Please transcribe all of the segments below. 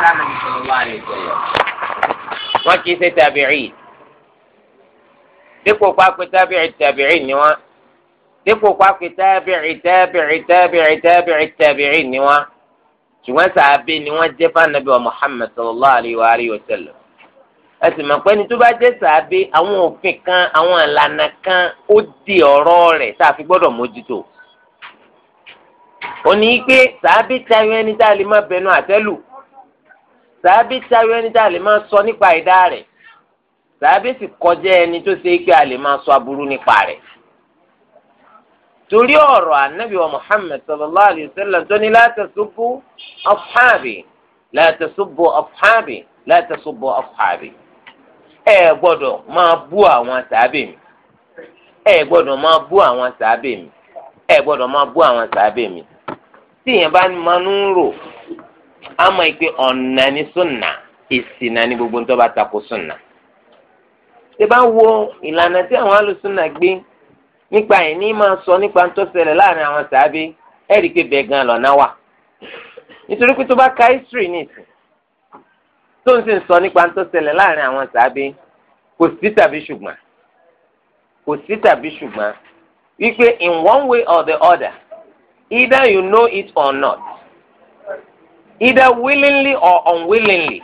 sanabi sallallahu alayhi wa sallam wọn kì í ṣe tabi'i dípò pápẹ tabi'i tabi'i ni wọn dípò pápẹ tabi'i tabi'i tabi'i tabi'i tabi'i ni wọn ṣùgbọ́n sàábé ni wọ́n jẹ́ fanabi wa muhammad sallallahu alayhi wa alayhi wa sallam ẹ sì mọ̀ pé ní tó bá jẹ́ sàábé àwọn òfin kan àwọn ìlànà kan ó di ọ̀rọ̀ rẹ̀ tá a fi gbọ́dọ̀ mójútó òní pé sàábé tayọ ẹni tá a lè má bẹnu àtẹ́lù sàábì tí ayọ ẹni tá a lè máa sọ nípa ẹ̀dá rẹ̀ sàábì sì kọjá ẹni tó ṣe pé a lè máa sọ aburú nípa rẹ̀. torí ọ̀rọ̀ ànábì wa Muhammad sallallahu alayhi wa sallam tó ní la tasubbu ashabi la tasubbu ashabi la tasubbu ashabi. ẹ gbọ́dọ̀ máa bú àwọn sàábì mi ẹ gbọ́dọ̀ máa bú àwọn sàábì mi ẹ gbọ́dọ̀ máa bú àwọn sàábì mi tí yẹn bá máa ń rò a mọ̀ pé ọ̀nà ni sunna ìsìnà ni gbogbo ntọ́ bá tako sunna. ṣé bá wo ìlànà tí àwọn alùsùnà gbé nípa ẹ̀ ní máa sọ nípa tó ṣẹlẹ̀ láàrin àwọn sàábé ẹ̀ rí i pé bẹ́ẹ̀ gan lọ́nà wà. nítorí pé tó bá ka history nìsín tó ń sì sọ nípa tó ṣẹlẹ̀ láàrin àwọn sàábé kò sí tàbí ṣùgbọ́n kò sí tàbí ṣùgbọ́n wípé in one way or the other either you know it or not either willingly or unwillingly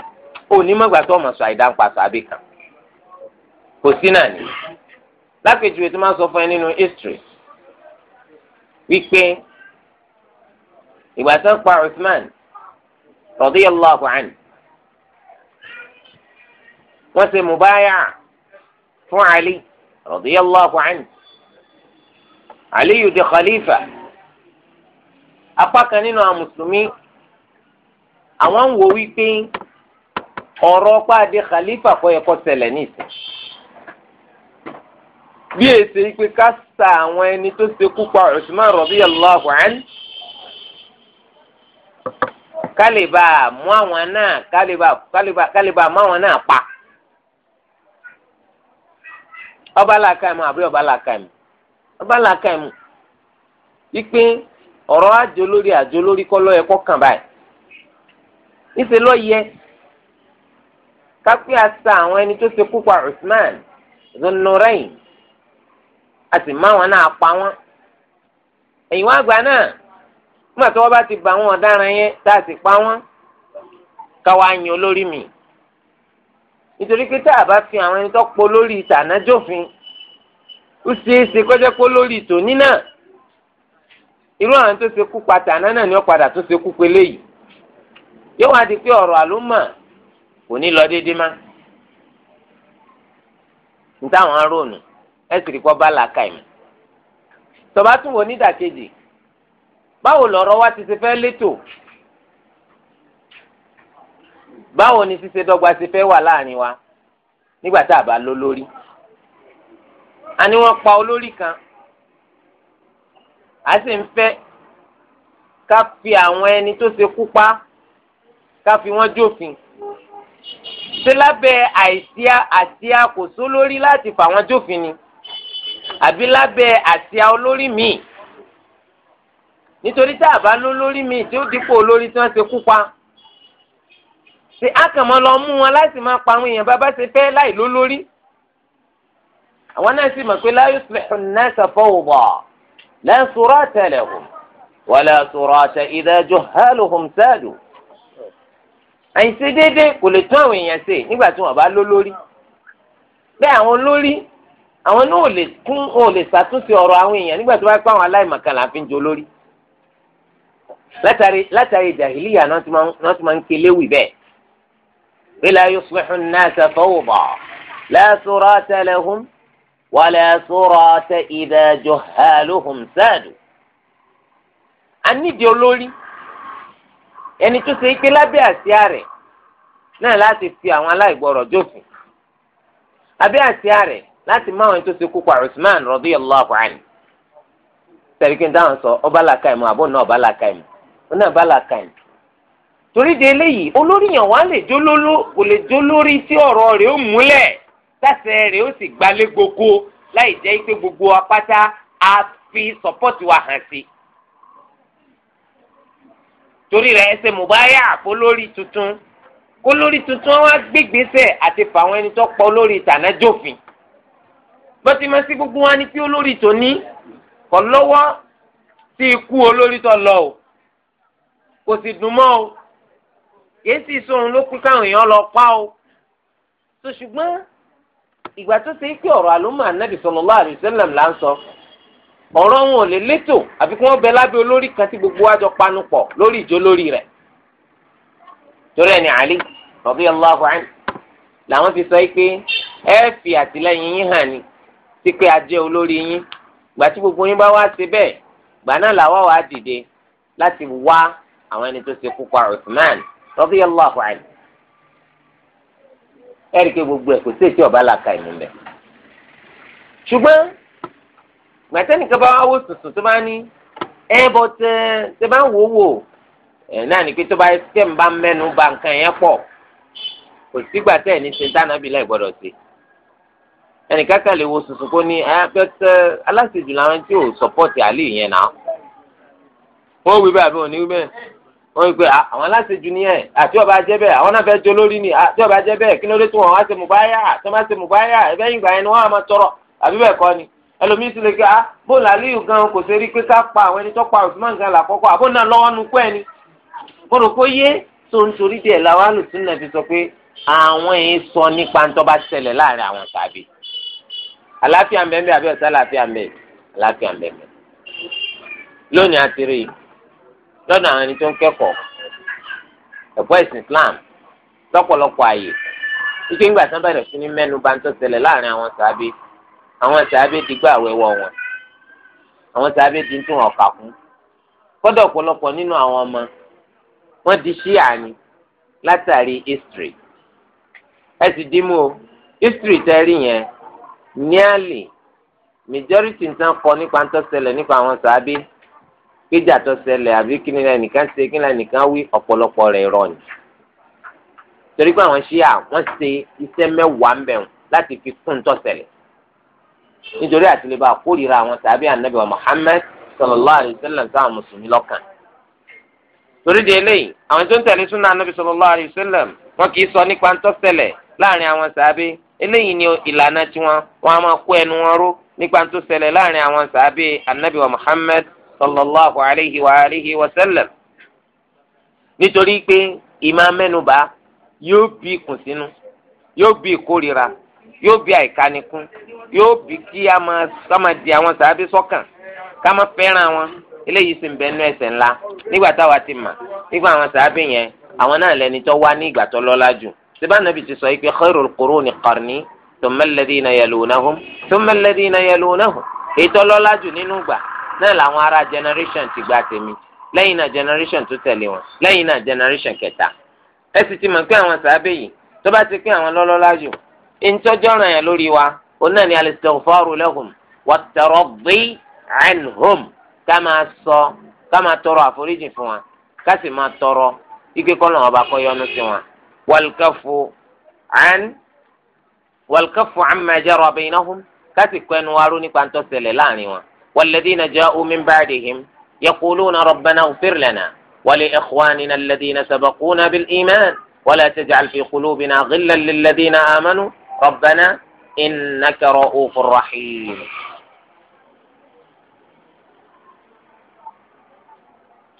onímọ̀gbà tó ọmọ sọ àìdá ń pa sàbí kò sí náà ni lápèjúwe tí wọ́n sọ fún ẹ nínú history wípé ìgbà tó ń pa Uthman radiyallahu anhu wọ́n ṣe mubaya fún Ali radiyallahu anhu Ali yìí di khalifa apá kan nínú àwọn mùsùlùmí àwọn ń wo wípé ọ̀rọ̀ pàdé khalifa kọ́ yẹ kó ṣẹlẹ̀ nìsín bí èsè pé ká sa àwọn ẹni tó ṣe kú pa Usman radiyallahu anhu kálíbà mú àwọn náà kálíbà kálíbà kálíbà mú àwọn náà pa ọba làkàmù àbí ọba làkàmù ọba làkàmù ìpín ọ̀rọ̀ àjò lórí àjò lórí kọ́ lọ́yẹ kàn báyìí níṣẹ́ ló yẹ kápẹ́ àṣà àwọn ẹni tó ṣekú pa Usman Zunnurain a sì má wọn náà pa wọn ẹ̀yìn wọn àgbà náà nígbà tí wọ́n bá ti bá wọn ọ̀daràn yẹn tá a sì pa wọn káwa yan olórí mi nítorí pé tá a bá fi àwọn ẹni tó pọ̀ lórí ìtànájòfin ó ṣeé ṣe kọjá pọ̀ lórí ìtòní náà irú àwọn tó ṣekú pa tàná náà ni wọ́n padà tó ṣekú pélé yìí yóò wá di pé ọ̀rọ̀ àlùmọ̀ kò ní lọ déédé má ní táwọn aróònù ẹ sì rí kọ́ bá làákà ìmọ̀ tọba tún wò nídàkejì báwo lọ̀rọ̀ wa ti ṣe fẹ́ létò báwo ni ṣíṣe dọ́gba ṣe fẹ́ wà láàrin wa nígbà tá a bá lọ lórí a ní wọ́n pa olórí kan a sì ń fẹ́ ká fi àwọn ẹni tó ṣe kú pa ká fi wọ́n jófin ṣé lábẹ́ àìsíá àsíá kò só lórí láti fà wọ́n jófin ni àbí lábẹ́ àsíá olórí míì nítorí tá a bá ló lórí míì tí ó dípò olórí tí wọ́n ṣe kú pa ṣe àkànmọ́ lọ mú wọn láti máa pa àwọn èèyàn bàbá ṣe fẹ́ láì ló lórí àwọn náà sì mọ̀ pé la yuslihu an-nasa fawda la surata lahum wa la surata idha juhaluhum sadu àìṣe déédéé kò lè tún àwọn èèyàn ṣe nígbà tí wọ́n bá ló lórí bẹ́ẹ̀ àwọn olórí àwọn náà ò lè tún wọn ò lè ṣàtúnṣe ọ̀rọ̀ àwọn èèyàn nígbà tí wọ́n bá pa àwọn aláìmọ̀kan là ń fi jọ lórí látàrí látàrí jàhìlíyà náà ti máa ń keléwì bẹ́ẹ̀ bila yuslihu an-nasa fawda la surata lahum wala surata idha juhaluhum sadu. a nídìí olórí. ẹni tó ṣe ipe lábẹ́ àsíá rẹ̀ náà láti fi àwọn aláìgbọ́rọ̀ jófin abẹ́ àsíá rẹ̀ láti má àwọn tó ṣe kópa Usman radiyallahu anhu sẹ́ríkì dáhùn sọ ọba làkàìmù àbò náà ọba làkàìmù ọ̀nà ọba làkàìmù torí de eléyìí olórí yàn wá lè jólóló kò lè jólórí tí ọ̀rọ̀ rẹ̀ ó múlẹ̀ tàṣẹ rẹ̀ ó sì gbalé gboko láì jẹ́ gbogbo apáta fi sọ́pọ́tì wa hàn sí i. torí rẹ̀ ẹsẹ̀ mùbáyà kó lórí tuntun kó lórí tuntun wá gbégbèsè àti fàwọn ẹni tó pọ̀ lórí ìtànájòfin bọ́tí máa sí gbogbo wa ni kí olórí tó ní kọ́ lọ́wọ́ sí ikú olórí tó lọ o kò sì dùn mọ́ o kìí sì sóhun ló kú káwọn èèyàn lọ pa o tó ṣùgbọ́n ìgbà tó ṣe é pé ọ̀rọ̀ àlùmọ́ ànábì sallallahu alaihi wasallam là ń sọ ọ̀rọ̀ wọn ò lè létò àfi kí wọ́n bẹ lábẹ́ olórí kan tí gbogbo wa jọ panu pọ̀ lórí ìjó lórí rẹ̀ torí ẹni Ali radiyallahu anhu làwọn fi sọ pé ẹ fi àtìlẹ́yìn yín hàn ni sí pé a jẹ́ olórí yín gbà tí gbogbo yín bá wá ṣe bẹ́ẹ̀ gbà náà làwa wàá dìde láti wá àwọn ẹni tó ṣe kú pa Uthman radiyallahu anhu ẹ̀rí pé gbogbo ẹ̀ kò sí èsì ọ̀bá làkà ìmú gbàtẹ́nìkan bá wá wò tuntun tó bá ní ẹ bọ́ tẹ tẹ bá ń wò wò ẹ náà ní pé tó bá tẹ̀ ń bá mẹ́nu bà nǹkan yẹn pọ̀ kò sígbà tẹ̀ ní ṣe tánàbí láì gbọ́dọ̀ ṣe ẹnìkan kan lè wo tuntun kó ní abẹ́tẹ́ aláṣejù làwọn tí ò sọ́pọ́tì àlè yẹn náà wọ́n wí bẹ́ẹ̀ àbí wọ́n ní wí bẹ́ẹ̀ wọ́n wí pé àwọn aláṣejù ni ẹ̀ àti ọba jẹ́ bẹ́ẹ̀ àwọn náà fẹ́ jẹ́ olórí ni àti ọba jẹ́ bẹ́ẹ̀ kí ló dé tí wọ́n wá ṣe mùbáyà tí wọ́n bá ṣe mùbáyà ẹ̀fẹ́ yìnbá yẹn ni wọ́n á máa tọrọ àbí bẹ́ẹ̀ kọ́ ni ẹlòmíín sì lè ké ah bóòlù aliyu gan kò ṣe rí pé ká pa àwọn ẹni tó pa Usman gan làkọ́kọ́ àbó náà lọ́wọ́ nu kú ẹni mo rò pé yé tó ń torí díẹ̀ làwọn alùsùn náà fi sọ pé àwọn èèyàn sọ nípa ń tọ́ba ṣẹlẹ̀ láàrin àwọn tàbí àlàáfíà ń àbí ọ̀sẹ̀ àlàáfíà ń àlàáfíà ń lónìí àti rí lọ́dọ̀ àwọn ẹni tó ń kẹ́kọ̀ọ́ ẹ̀kọ́ ìsìn Islam lọ́pọ̀lọpọ̀ àyè wípé ńgbà sábà rẹ̀ sí ní mẹ́nu bá ń tọ́ ṣẹlẹ̀ láàrin àwọn tàbí àwọn sàábé ti gbà wẹwọ wọn àwọn sàábé ti ń tún wọn kà kún kódà ọ̀pọ̀lọpọ̀ nínú àwọn ọmọ wọn di ṣíà ni látàrí history ẹ sì dì mú o history tẹ yẹn nearly majority nǹkan kọ nípa ń tó ṣẹlẹ̀ nípa àwọn sàábé kéjà tó ṣẹlẹ̀ àbí kí nílẹ̀ nìkan ṣe kí nílẹ̀ nìkan wí ọ̀pọ̀lọpọ̀ rẹ̀ rọ ni torí pé àwọn ṣíà wọ́n ṣe iṣẹ́ mẹ́wàá ń bẹ̀rù láti fi kún tó nítorí àtìlẹ́bà kórìíra àwọn sàbí ànábì wa Muhammad sallallahu alayhi wa sallam sáà mùsùlùmí lọ́kàn. torí di eléyìí àwọn tó ń tẹ̀lé súnà ànábì sallallahu alayhi wa sallam wọn kì í sọ nípa ń tọ́sẹ̀lẹ̀ láàrin àwọn sàbí eléyìí ni ìlànà tiwọn wọn a máa kó ẹnu wọn ró nípa ń tọ́sẹ̀lẹ̀ láàrin àwọn sàbí ànábì wa sallallahu alayhi wa alihi wa sallam. nítorí pé ìmá mẹ́nuba yóò bí ìkùnsínú yóò bí ìkórìíra yóò bí àìkánikún yóò bí kí a máa sáma di àwọn sàábí sọ́kàn ká máa fẹ́ràn wọn eléyìí sì ń bẹ nínú ẹ̀ṣẹ̀ ńlá nígbà táwa ti mà nígbà àwọn sàábí yẹn àwọn náà lẹni tó wá ní ìgbà tó lọ́lá jù síbá nàbì ti sọ pé khairul quruni qarni thumma alladhina yalunahum thumma alladhina yalunahum ètò lọ́lá jù nínú ìgbà náà làwọn ará generation ti gba tèmi lẹ́yìn náà generation tó tẹ̀lé wọn lẹ́yìn náà generation kẹta ẹ sì ti mọ̀ pé àwọn sàábé yìí tó bá ti pín àwọn lọ́lọ́lá jù ntọ́jọ́ràn yẹn lórí wa òun náà ni al-istighfaru lahum wat-taraddi anhum ká máa sọ ká máa tọrọ àforíjì fún wa ká sì máa tọrọ ike kọ́nà ọba kọ́ yọ́nú sí wa wal-kaffu an wal-kaffu amma jara bainahum ká sì kọ́ ẹnu wa rú nípa ń tó ṣẹlẹ̀ láàrin wa والذين جاءوا من بعدهم يقولون ربنا اغفر لنا ولإخواننا الذين سبقونا بالإيمان ولا تجعل في قلوبنا غلا للذين آمنوا ربنا إنك رؤوف رحيم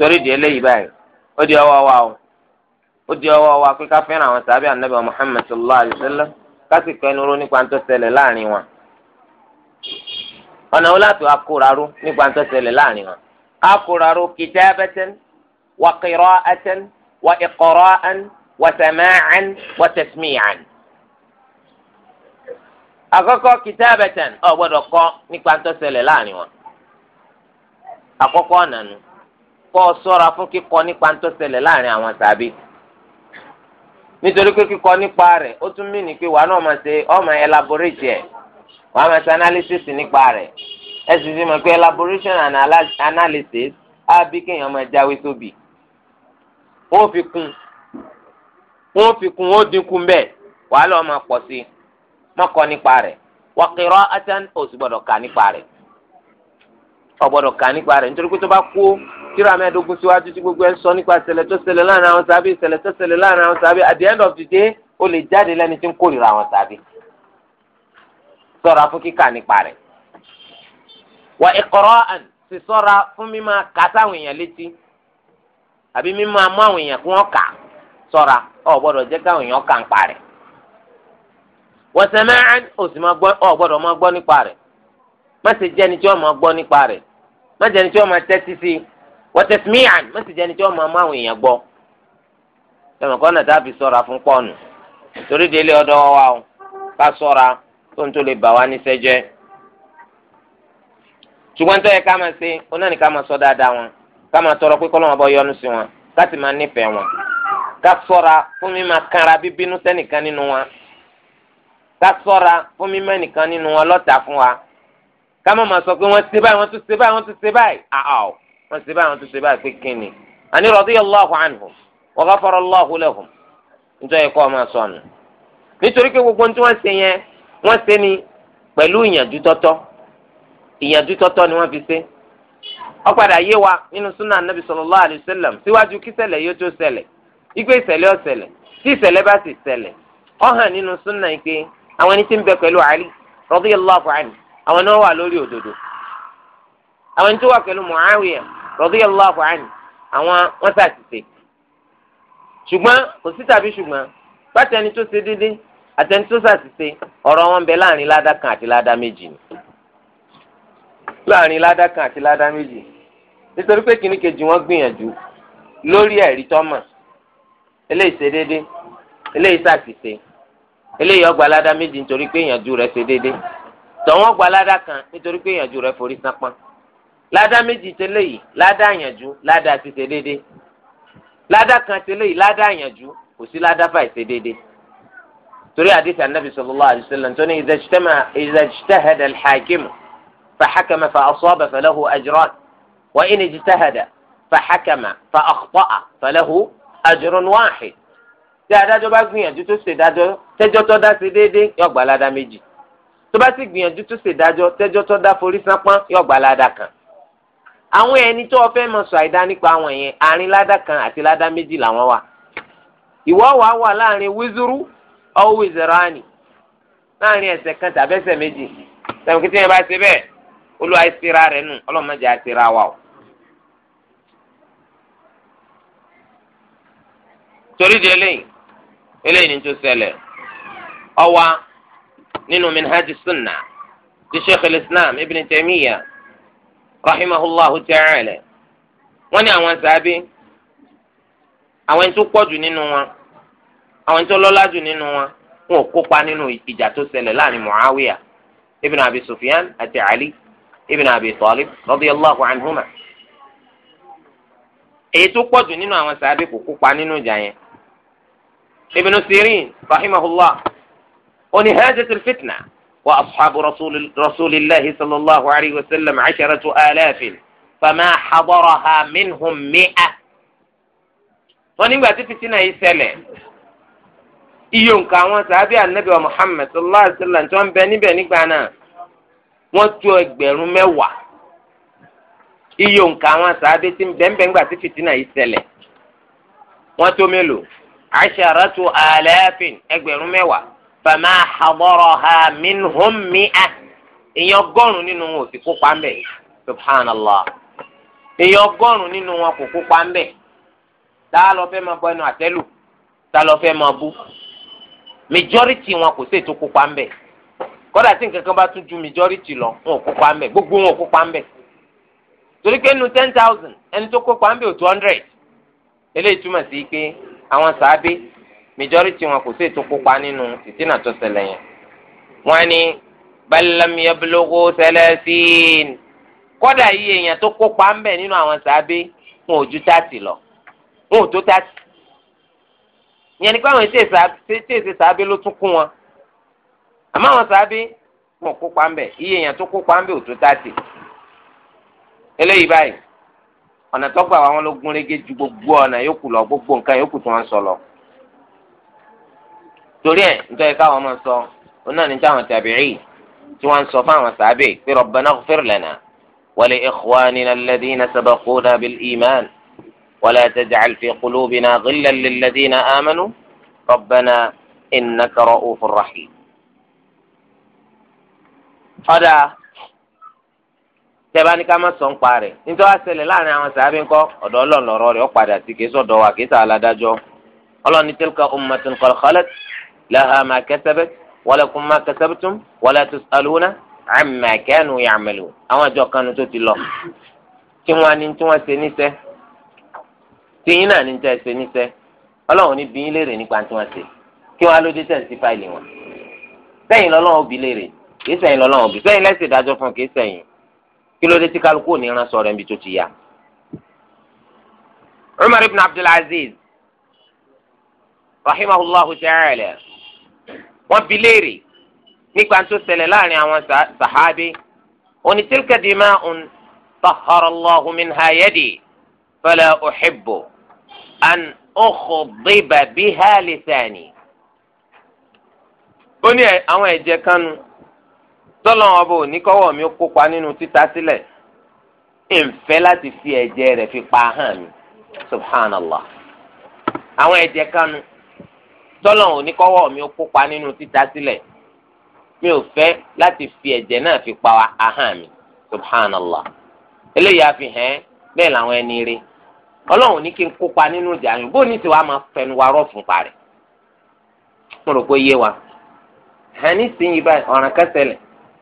torí di eléyìí báyìí ó di ọwọ́ wa o ó di ọwọ́ wa pé ká fẹ́ràn àwọn sàbí ànábì Muhammad sallallahu alayhi wa sallam ká sì kẹnu ró nípa tó ṣẹlẹ̀ láàrin wọn ọ̀nà wo láti akóra ró nípa tó ṣẹlẹ̀ láàrin wọn akóra ró kitabatan wa qira'atan wa iqra'an wa sama'an wa tasmi'an. àkọ́kọ́ kìtàbẹ̀tẹ̀n ọ̀ gbọ́dọ̀ kọ́ nípa ń tọ́sẹ̀lẹ̀ láàrin wọn àkọ́kọ́ ọ̀nànú kọ́ ọ sọ́ra fún kíkọ́ nípa ń láàrin àwọn sàbí nítorí pé kíkọ́ nípa rẹ̀ ó tún mí ní pé wàá náà máa ṣe ọmọ elaborate ẹ̀ wàá máa ṣe analysis nípa rẹ̀ ẹ sì ti pé elaboration and analysis á bí kéèyàn máa jáwé sóbì ó fi kún ó fi kún ó dínkù bẹ́ẹ̀ wàá lọ́ọ́ máa pọ̀ sí i. mọ́kọ́ nípa rẹ̀ wa qira'atan ó sì gbọ́dọ̀ kà nípa rẹ̀ ó gbọ́dọ̀ kà nípa rẹ̀ nítorí pé tó bá kú tíra mẹ́ẹ̀ẹ́dógún síwájú tí gbogbo ẹ̀ ń sọ nípa ìṣẹ̀lẹ̀ tó ṣẹlẹ̀ láàrin àwọn sábẹ́ ìṣẹ̀lẹ̀ tó ṣẹlẹ̀ láàrin àwọn sábẹ́ at the end of the day ó lè jáde lẹ́ni tí ń kórìíra àwọn sábẹ́ ṣọ́ra fún kíkà nípa rẹ̀ wa iqra'an sì ṣọ́ra fún mímọ kà sáwọn èèyàn létí àbí mímọ amú àwọn èèyàn kí wọ́n kà ṣọ́ra ó gbọ́dọ̀ káwọn èèyàn kà ń pa wọ́sẹ̀mẹ́rin òsì máa ọ gbọ́dọ̀ máa gbọ́ nípa rẹ̀ má sì jẹ́ ẹni tí wọ́n máa gbọ́ nípa rẹ̀ má jẹ́ ẹni tí wọ́n máa tẹ́tí sí i wọ́sẹ̀sìmíàn má sì jẹ́ ẹni fún pọ́ọ̀nù torí délé wa o ká tó ń tó lè bà wá níṣẹ́ jẹ́. ṣùgbọ́n tó yẹ ká sọ dáadáa wọn ká máa tọrọ pé ká sọ́ra fún mímọ́ ẹnìkan nínú wọn fún wa ká má máa sọ pé wọ́n ṣe báyìí wọ́n tún ṣe báyìí wọ́n tún ṣe báyìí àá ah, ah, o wọ́n ṣe báyìí wọ́n tún ṣe báyìí pé kí ni. àní radiyallahu anhum wa ghafara Allahu lahum nítorí ẹ̀kọ́ ọmọ sọnù nítorí pé gbogbo tí wọ́n ṣe yẹn wọ́n ṣe ni pẹ̀lú ìyànjú tọ́tọ́ ìyànjú tọ́tọ́ ni wọ́n fi ṣe àwọn ẹni tí ń bẹ pẹ̀lú Ali radiyallahu anhu àwọn náà wà lórí òdodo àwọn ẹni tó wà pẹ̀lú Muawiya radiyallahu anhu àwọn wọ́n ṣàṣìṣe ṣùgbọ́n kò sí tàbí ṣùgbọ́n bátẹni tó ṣe déédéé àtẹni tó ṣàṣìṣe ọ̀rọ̀ wọn bẹ láàrin ládà kan àti ládà méjì ni láàrin ládà kan àti ládà méjì nítorí pé kìnnì kejì wọn gbìyànjú lórí ẹ̀rí tọ́mọ̀ eléyìí ṣe déédéé eléyìí ṣàṣìṣe eléyìí ọgbà aládá méjì nítorí pé ìyànjú rẹ̀ ṣe déédé tọ̀wọ́n gba aládá kan nítorí pé ìyànjú rẹ̀ forí sápá ládá méjì tẹ́lẹ̀ yìí ládá ìyànjú ládá ti ṣe déédé ládá kan tẹ́lẹ̀ yìí ládá ìyànjú kò sí ládá fàì ṣe déédé torí àdìsí anábì sallallahu alaihi wasallam tó ní idha ijtahada al-hakim fahakama fa asaba falahu ajran wa in ijtahada tí adájọ́ bá gbìyànjú tó ṣe dájọ́ tẹ́jọ́ tó dá sí déédéé yóò gba ládàá méjì tó bá sì gbìyànjú tó ṣe dájọ́ tẹ́jọ́ tó dá forí sánpọ́n yóò gba ládàá kan àwọn ẹni tó o fẹ́ mọ̀ sọ àìdá nípa àwọn yẹn àárín ládàá kan àti ládàá méjì làwọn wà ìwọ wàá wà láàrin wíṣúrú ọwọ́ ìzẹ̀rọ̀ánì láàrin ẹsẹ̀ kan tàbí ẹsẹ̀ méjì sẹ́wọ̀n kí tí bá ṣe bẹ́ẹ̀ olúwa ìsira rẹ̀ nù ọlọ́mọdé àtira wa o. torí di eléyìí eléyìí ni tó ṣẹlẹ̀ ọwa nínú minhaj sunna ti sheikh islam ibn taymiya rahimahullahu ta'ala wọ́n ele. àwọn sábẹ́ àwọn tó pọ̀jù nínú wọn àwọn tó lọ́lá nínú wọn wọn ò kópa nínú ìjà tó ṣẹlẹ̀ láàrin muawiya ibn abi sufyan àti ali ibn abi talib radiyallahu èyí tó Ibn Sirin rahimahullah oni hajatul fitna wa ashabu rasul rasulillahi sallallahu alayhi wa sallam asharatu alafin fama hadaraha minhum mi'a. wọ́n nígbà tí fitina yìí ṣẹlẹ̀ iye nǹkan àwọn sàábì anabi wa muhammed sallallahu alayhi wa sallam tó ń bẹ níbẹ̀ nígbà náà wọ́n tó ẹgbẹ̀rún mẹ́wàá iye nǹkan àwọn sàábì tí ń bẹ níbẹ̀ nígbà tí fitina yìí ṣẹlẹ̀ wọ́n tó mélòó asharatu alaafin ẹgbẹ̀rún mẹ́wàá fama hadaraha minhum mi'ah èèyàn ọgọ́rùn nínú wọn ò sì kópa ń bẹ subhanallah èèyàn ọgọ́rùn nínú wọn kò kópa ń bẹ tá a lọ fẹ́ máa bọ ẹnu àtẹ́lù tá a lọ fẹ́ máa bú majority wọn kò sí kópa ń bẹ kódà tí nǹkan kan bá tún ju majority lọ wọn ò kópa ń bẹ gbogbo wọn ò kópa ń bẹ torí pé nu ten thousand ẹni tó kópa ń bẹ ò two hundred eléyìí túmọ̀ sí pé àwọn sàábé majority wọn kò sí ètò kópa nínú ìdínà tó ṣẹlẹ̀ yẹn wọ́n ní bulogo sẹlẹsìn kódà yìí èèyàn tó kópa ń bẹ nínú àwọn sàábé wọn ò ju tààtì lọ wọn ò tó tààtì ìyẹn ni pé àwọn ìṣèṣe sàábé ló tún kún wọn àmọ́ àwọn sàábé wọn kópa ń bẹ iye èèyàn tó kópa ń bẹ ò tó tààtì eléyìí báyìí ọ̀nà tó gbà wọn ló gún régé ju gbogbo ọ̀nà yòókù lọ gbogbo nǹkan yòókù tí wọ́n sọ lọ. torí ẹ̀ nítorí káwọn máa sọ onáà ní táwọn tàbíì tí wọ́n ń sọ fáwọn sàábẹ̀ pé rabbana ighfir lana wa li ikhwanina alladhina sabaquna bil iman wa la taj'al fi qulubina ghillan lilladhina amanu rabbana innaka ra'ufur rahim. ọ̀dà tẹ́bá ní ká má sọ ń pa rẹ̀ nítorí àṣẹlẹ̀ láàrin àwọn sàábí ńkọ́ ọ̀dọ̀ ọlọ́run lọ́rọ́ rẹ̀ ó padà sí kìí sọ̀dọ̀ wa kìí sàládájọ́ ọlọ́run ní tilka ummatun qad khalat laha ma kasabat wa lakum ma kasabtum wa la tusaluna amma kanu ya'malun àwọn àjọ kanu tó ti lọ kí wọ́n ní tí wọ́n ṣe níṣẹ́ tí yín náà ní tí wọ́n ṣe níṣẹ́ ọlọ́run kí ló dé tí kálukú ò ní rán sọ̀rọ̀ níbi tó ti yá. Umar ibn Abdulaziz rahimahullahu ta'ala wọ́n bi léèrè nípa tó ṣẹlẹ̀ láàrin àwọn sàhábì oní tilka dima'un tahhara Allahu minha yadi fala uhibbu an ukhdiba biha lisani. ó ní àwọn ẹ̀jẹ̀ kanu tọ́lọ́ wọn bò ní kọ́wọ́ mi kópa nínú títa sílẹ̀ ìfẹ́ láti fi ẹ̀jẹ̀ rẹ̀ fi pa hàn mi subhanallah àwọn ẹ̀jẹ̀ kanu tọ́lọ́ wọn ní kọ́wọ́ mi kópa nínú títa sílẹ̀ mi ò fẹ́ láti fi ẹ̀jẹ̀ náà fi pa ahàn mi subhanallah eléyìí àfihàn bẹ́ẹ̀ làwọn ẹni rí ọlọ́run ní kí n kópa nínú ìjà yìí bó ní tiwa máa fẹnu wa rọ̀ fún parẹ́ mo rò pé yé wa hàn ní sìn yí báyìí ọ̀ràn kẹsẹ̀lẹ̀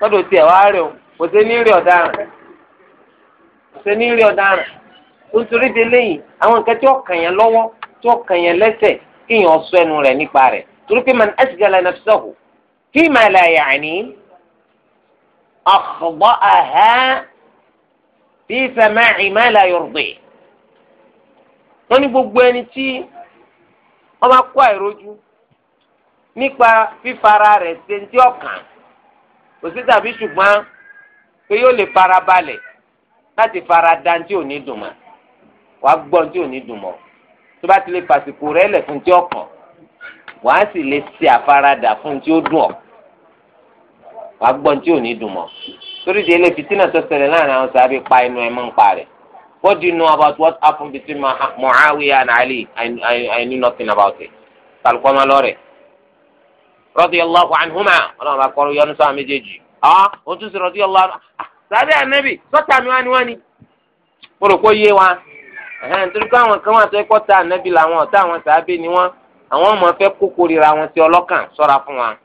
lọ́dọ̀ tiẹ̀ wá rẹ̀ o kò sí ní rí ọ̀daràn kò sí ní rí ọ̀daràn nítorí délé yìí àwọn nǹkan tí ó kàn yẹn lọ́wọ́ tí ó kàn yẹn lẹ́sẹ̀ kí yẹn sọ ẹnu rẹ̀ nípa rẹ̀ torí pé man asgala nafsahu fima la ya'ni akhda'aha fi sama'i ma la yurdi wọ́n ní gbogbo ẹni tí wọ́n bá kó àìrójú nípa fífara rẹ̀ ṣe ti ọ̀kàn kò tàbí ṣùgbọ́n pé yóò lè fara balẹ̀ láti fara da tí ò ní dùn mọ́ wàá gbọ́ tí ò ní dùn mọ́ tó bá ti lè pàṣípò rẹ̀ lẹ̀ fún tí ó wàá sì lè ṣe àfaradà fún tí ó dùn ọ́ wàá gbọ́ tí ò ní dùn mọ́ torí di ilé fìtínà tó ṣẹlẹ̀ láàrin àwọn sábẹ́ pa inú ẹ̀ mọ́ ń pa rẹ̀ what do you know about what happened between Muawiya and Ali I, I, I knew nothing about it kálukọ́ máa lọ rẹ̀. radiyallahu anhuma ọlọ́run bá kọ́rọ́ yọnu sáà méjèèjì ah o tún sí radiyallahu mi wá ni wá ni yé wa nítorí pé àwọn kan wà tó kọ́ ta làwọn ọ̀tá àwọn ni àwọn ọmọ fẹ́ kó wọn sí ọlọ́kàn sọ́ra fún wa.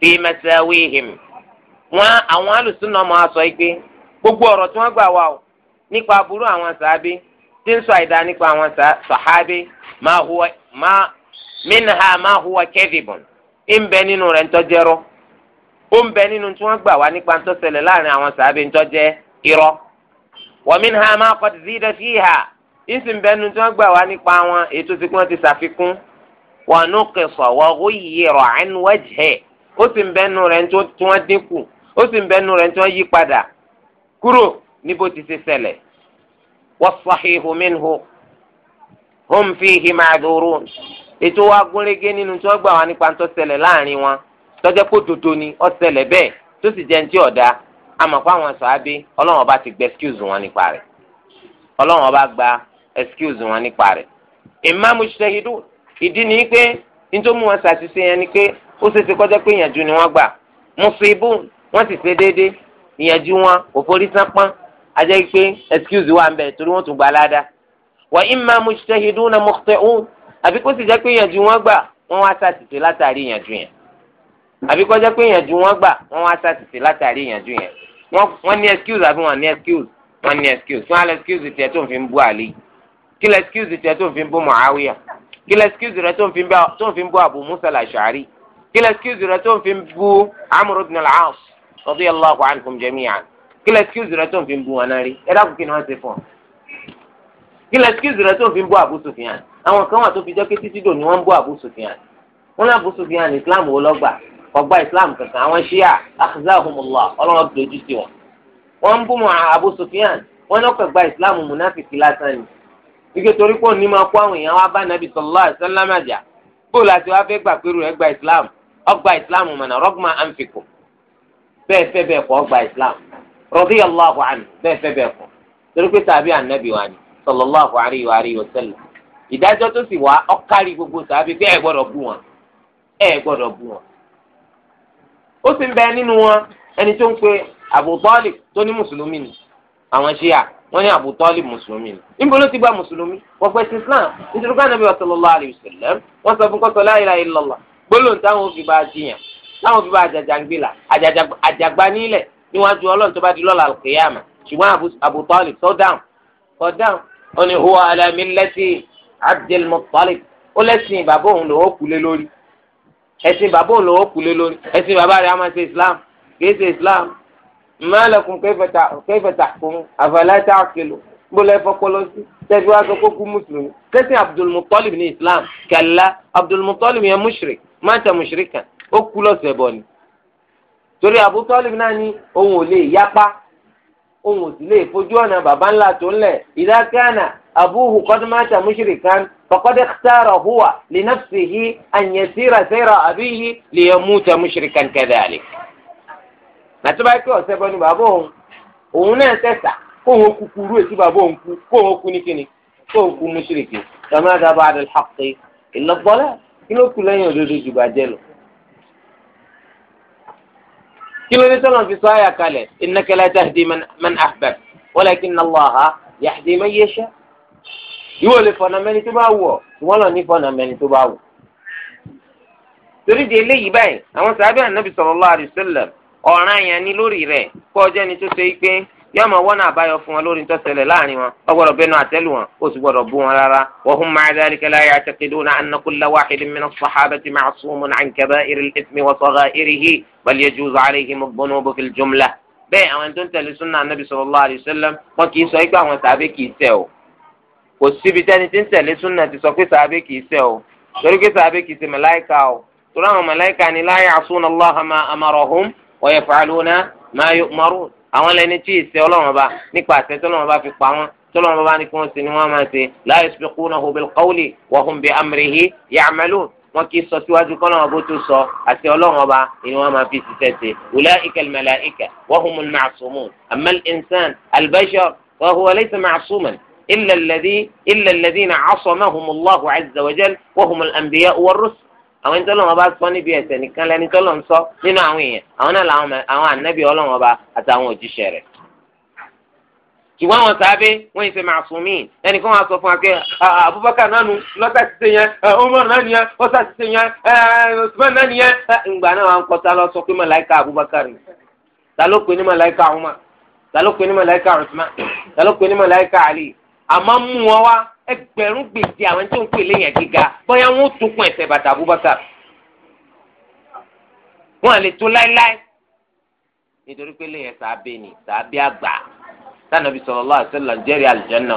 fi wọn àwọn alùsùn náà máa sọ gbogbo tí o nípa tí ń sọ àìdá nípa àwọn sàhábì máa huwa máa minha máa huwa kadhibun ń bẹ nínú rẹ̀ ńtọ́jẹ́rọ́ ó ń bẹ nínú tí wọ́n gbà wá nípa ńtọ́sẹ̀lẹ̀ láàrin àwọn sàhábì ńtọ́jẹ́ irọ́ wa minha máa qad zida fiha ìsìn bẹ nínú tí wọ́n gbà wá nípa àwọn ètò tí wọ́n ti ṣàfikún wa nuqisa wa ghayyira an wajhihi ó sì ń bẹ nínú rẹ̀ tí wọ́n dínkù ó sì ń bẹ nínú rẹ̀ tí wọ́n yí padà kúrò níbo ti ṣe ṣẹlẹ̀ والصحيح منه هم فيه معذورون ètò wa gúnrégé nínú tí wọ́n gbà wá nípa tó ṣẹlẹ̀ láàrin wọn tọ́jẹ́ kó dodo ni ó ṣẹlẹ̀ bẹ́ẹ̀ tó sì jẹ́ ní tí ọ̀dà amọ̀pá àwọn sàábé ọlọ́run ọba ti gba excuse wọn nípa rẹ̀ ọlọ́run ọba gba excuse wọn nípa rẹ̀ ìmáàmù ṣẹ́hídù ìdí ni pé nítorí wọn ṣàṣìṣe yẹn ni pé ó ṣeéṣe kọjá pé ìyànjú ni wọ́n gbà mùsùlùmí wọ́n sì ṣe déédéé ìyànjú wọn òforí sápọ́n ajẹ́ pé excuse wa ń bẹ torí wọ́n tún gba aládá wà imma mujtahiduna mukhti'un àbí kó sì jẹ́ pé ìyànjú wọn gbà wọ́n wá sàtìtì látàrí ìyànjú yẹn àbí kó jẹ́ pé ìyànjú wọn gbà wọ́n wá sàtìtì látàrí ìyànjú yẹn wọ́n ní excuse àbí wọ́n ní excuse wọ́n ní excuse fún alẹ́ excuse tiẹ̀ tó ń fi bú àlè kí lẹ́ excuse tiẹ̀ tó ń fi bú Muawiya kí lẹ́ excuse rẹ tó ń fi bú Abu Musa al kí lẹ́ excuse rẹ tó ń fi bú Amr ibn al-As radiyallahu anhum jami'an kí excuse rẹ tó ń fi bu wọn náà rí ẹ dákun kí ni wọ́n ṣe fún ọ kí excuse rẹ tó ń fi bu Abu Sufyan àwọn kan wà tó fi jẹ́ pé títí dò ní wọ́n ń bu Abu Sufyan wọ́n ní Abu Sufyan Islam wo lọ́gbà ọgbà Islam kankan àwọn ṣíà akhzahumullah ọlọ́wọ́ dojú sí wọn wọ́n ń bú mọ́ Abu Sufyan wọ́n lọ́kọ̀ gba Islam munafiki lásán ni ike torí pé òní máa kó àwọn èèyàn wá bá nàbì sallallahu alaihi wasallam àjà bóòlù àti wàá fẹ́ gbà pẹ̀lú rẹ̀ gba Islam ọgbà Islam mọ̀nà rọ́gbà àǹfikù bẹ́ẹ̀ fẹ́ bẹ́ẹ̀ kọ́ ọgbà Islam radiyallahu anhu bẹ́ẹ̀ fẹ́ bẹ́ẹ̀ kọ́ torí pé tàbí ànábì wa ni sallallahu alayhi wa alihi wa sallam ìdájọ́ tó sì wá ọ̀kárí gbogbo tàbí pé ẹ gbọ́dọ̀ bú wọn ẹ gbọ́dọ̀ bú wọn. ó sì ń bẹ nínú wọn ẹni tó ń pe Abu Talib tó ní mùsùlùmí ni àwọn ṣíà wọ́n ní Abu Talib mùsùlùmí ni níbo ló ti gba mùsùlùmí wọ́n fẹ́ sin Islam nítorí pé ànábì wa sallallahu alayhi wa níwájú ọlọ́run tó bá di lọ́la alùkìyàmà ṣùgbọ́n Abu Talib sọ dáhùn sọ dáhùn ó ní huwa ala millati Abdul Muttalib ó lẹ́sìn bàbá òun lòún kú lé lórí ẹ̀sìn bàbá òun lòún kú lé lórí ẹ̀sìn bàbá rẹ̀ á máa ṣe Islam kì í ṣe Islam ma lakum kayfa tahkumun afala ta'qilun gbọ́dọ̀ ẹ̀fọ́ pọlọ sí tẹ́sí wá sọ pé kú mùsùlùmí kẹ́sìn Abdul ní Islam kalla Abdul yẹn mushrik torí Abu Talib náà ní òun ò lè yapa òun ò sì lè fojú ọ̀nà bàbá ńlá tó ńlẹ̀ idha kana abuhu qad mata mushrikan faqad ikhtara huwa li nafsihi an yasira sayra abihi li yamuta mushrikan kadhalik. nàtúbà kí ọ̀sẹ̀ bọ́ ni bàbá òun òun náà tẹ̀sà kó òun kú kúrú èsì bàbá òun kú kó òun kú ní kó òun kú mushriki kama ba'da kí ló dé tọ́lọ̀ fi sọ àyà kalẹ̀ innaka la tahdi man ahbab walakinna Allaha yahdi man yasha. ìwọ lè fọ̀nà mẹ́ni tó bá wù ọ́ ìwọ́n lọ ní fọ̀nà mẹ́ni tó bá wù. torí di eléyìí báyìí àwọn sàbẹ̀ ànábì sallallahu alaihi wasallam ọ̀ràn àyàn lórí rẹ̀ kó ni tó ṣe é yóò mọ wọ́n náà báyọ̀ fún wọn lórí tó ṣẹlẹ̀ láàrin wọn wọ́n gbọ́dọ̀ bẹnu àtẹ́lù wọn ó sì gbọ́dọ̀ bú wọn rárá wọ́n hum ma'a dhalika la kẹlẹ́ ayé kulla wahidin mina as-sahabati ma'sumun 'an kaba'iri al-ithmi wa sagha'irihi bal yajuzu 'alayhim ad-dhunubu fil jumla. bẹ́ẹ̀ àwọn tó ń tẹ̀lé sunna anabi sallallahu alayhi wa sallam wọn kì í sọ àwọn tó ń tẹ̀lé sunna anabi sọ̀rọ̀ pé sàbẹ̀ kì kì àwọn lẹni tí ìṣe ọlọ́run ọba nípa àṣẹ tọ́lọ́run ọba fi pa wọ́n tọ́lọ́run ọba ní kí wọ́n ṣe ni wọ́n máa ṣe la yasbiqunahu bil qawli wa hum bi amrihi ya'malun wọn kì í sọ síwájú kọ́nà ọba tó sọ àti ọlọ́run ọba ni wọ́n máa fi ṣiṣẹ́ ṣe ulaika al malaika wa humul ma'sumun amma al insan al bashar wa huwa laysa ma'suman àwọn ẹni tọ́lọ́wọ́n bá sọ níbi ẹ̀ṣẹ̀ nìkan lẹ́ni tọ́lọ́wọ́n sọ nínú àwọn èèyàn àwọn náà làwọn àwọn ànábì ọlọ́wọ́n bá àtàwọn òjíṣẹ́ rẹ̀. ṣùgbọ́n àwọn sábẹ́ wọ́n ṣe máa fún mi ẹnì kan wá sọ fún wa pé Abubakar nánu lọ́tà ti ṣe yẹn Umar náà nìyẹn lọ́tà ti ṣe yẹn Usman náà nìyẹn. ìgbà náà wọn kọta lọ sọ pé màláìka Abubakar ni ta ló pe ní màláìka Umar ta ló pe ní màláìka Ali àmọ́ mú ẹgbẹ̀rún gbèsè àwọn tó ń pè léyìn gíga bóyá wọn ó tún kún ẹsẹ̀ bàtà Abubakar wọn à lè tó láéláé nítorí pé léyìn sàábé ni sàábé àgbà tànàbí sallallahu alaihi wasallam jẹ́rìí àlùjànnà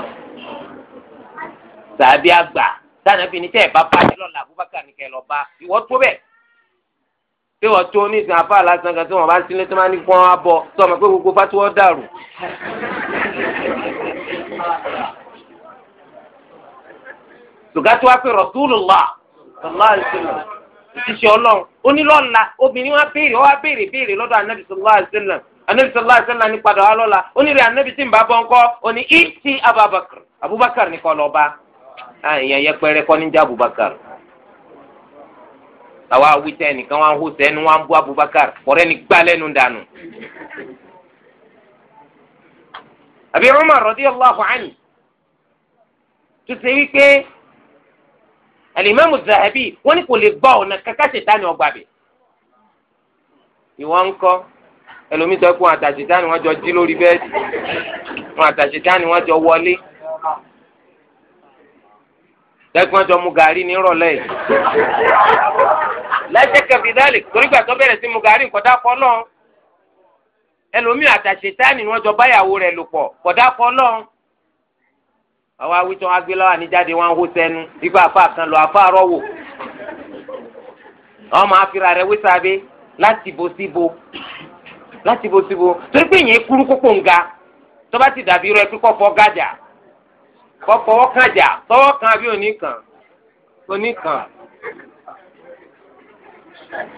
sàábé àgbà tànàbí ní tẹ́ ẹ̀ bá pàdé lọ́la Abubakar ní kẹ́ lọ bá ìwọ tó bẹ́ẹ̀ tí wọ́n tó ní ìsìn afá lásán kan tí wọ́n bá sílé tó máa ní fún ọ tògátì wá pé Rasulullah sallallahu alaihi wasallam ìṣiṣẹ Ọlọ́run onílọ́la obìnrin wa béèrè wa béèrè béèrè lọ́dọ̀ anabi sallallahu alaihi wasallam anabi sallallahu alaihi wasallam ní padà wá lọ́la onírè anabi tí ń bá bọ́ ńkọ́ oní ìtì abubakar abubakar nìkan lọ́ba ah, èèyàn yẹpẹrẹ kọ́ níjà abubakar àwa awítẹ nìkan wọn hó sẹ́nu wọn bú abubakar ọ̀rẹ́ ni gbá lẹ́nu dànù. àbí Umar radiyallahu anhu tó ṣe wípé alimami zahabi wọn ni kò lè gbọ́ ọ̀nà kankan ṣètánì ọgbà bẹ̀. ìwọ ńkọ́ ẹlòmíì sọ pé wọn àtàṣetánì wọn jọ jí lórí bẹ́ẹ̀dì wọn àtàṣetánì wọn jọ wọlé lẹ́gbọ́n jọ mu gàrí nírọ̀lẹ́ yìí lẹ́sẹ̀ kẹfìdálì torígbà tó bẹ̀rẹ̀ sí mu gàrí nkọ̀dá fọlọ́n ẹlòmíì àtàṣetánì wọn jọ báyàwó rẹ̀ lò pọ̀ kọ̀dá fọlọ́n àwọn awitọ agbéláwa níjáde wọn hó sẹnu dípò afa kan lọ afa rọwò àwọn máa fira rẹ wísàbí láti bo síbo láti bo síbo torí pé yẹn kúrú kókó nga tó bá ti dàbí rẹ kíkọ́ fọ́ gàjà kọ́ fọwọ́ kan jà tọwọ́ kan àbí oníkan oníkan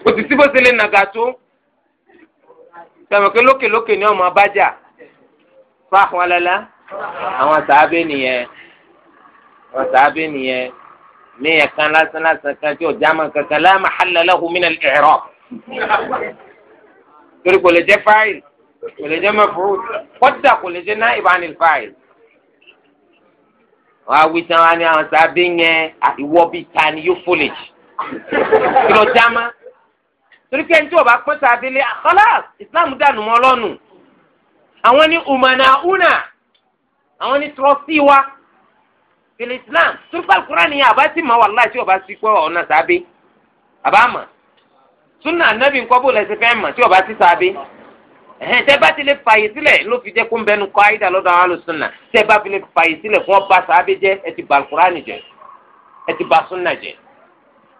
òtí síbo ṣe nàgà tó tẹ̀wọ̀n pé lókèlókè ni ọmọ bá jà fáwọn alẹ́ la àwọn sàábé nìyẹn àwọn sàábé nìyẹn míyàn kan lásán lásán kan tí ò jámọ́ kankan la mahalla lahu min al-i'rab torí kò lè jẹ́ fáìl kò lè jẹ́ maf'ul kódà kò lè jẹ́ na'ib anil fáìl wọ́n á wí tán wá ní àwọn sàábé yẹn ìwọ́ bíi ta ni yóò fólèjì kí lọ jámọ́ torí kẹ́ni tí o bá pẹ́ sábẹ́lẹ̀ àkọ́lá islam dànù mọ́ lọ́nu àwọn ní umana una àwọn ní trọ́sì wa fìlì islam turkal kura nìyẹn àbá sì mọ wàhálà tí o bá sì pé ọ̀nà sábẹ́ àbá mọ̀ sunna anabi nkọ́ bó lẹ́sẹ̀ fẹ́ mọ̀ tí o bá sì sábẹ́ ẹ̀hẹ́n tẹ́ bá ti lè fààyè sílẹ̀ ló fi jẹ́ kó ń bẹnu kọ́ àyídà lọ́dọ̀ àwọn alùsùnà tẹ́ bá fi lè fààyè sílẹ̀ fún ọba sábẹ́ jẹ́ ẹ ti bal kura nìjẹ́ ẹ ti ba sunna jẹ́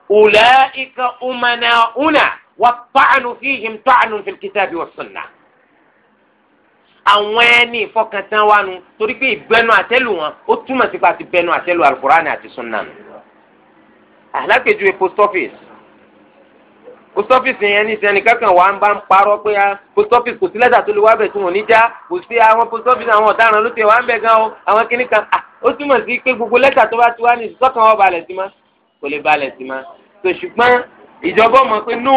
ulaika umana una wa ta'anu fihim ta'anu fil kitabi wa sunna àwọn ẹni ìfọkàntán wa nu torí pé ìbẹnu àtẹlù wọn ó túmọ̀ sí pé àti bẹnu àtẹlù alukurani àti sunna nu. alápèjúwe post office post office yẹn ní sẹ́ni kankan wà ń bá ń parọ́ pé post office kò sí lẹ́tà tó lè wá bẹ̀ tí wọ́n ní já kò sí àwọn post office àwọn ọ̀daràn ló ti wà ń bẹ̀ gan o àwọn kìnnì kan ó túmọ̀ sí pé gbogbo lẹ́tà tó bá ti wá ní ìsọ́kàn wọn balẹ̀ sí ma kò lè balẹ̀ sí ma tó ṣùgbọ́n ìjọba ọmọ pé no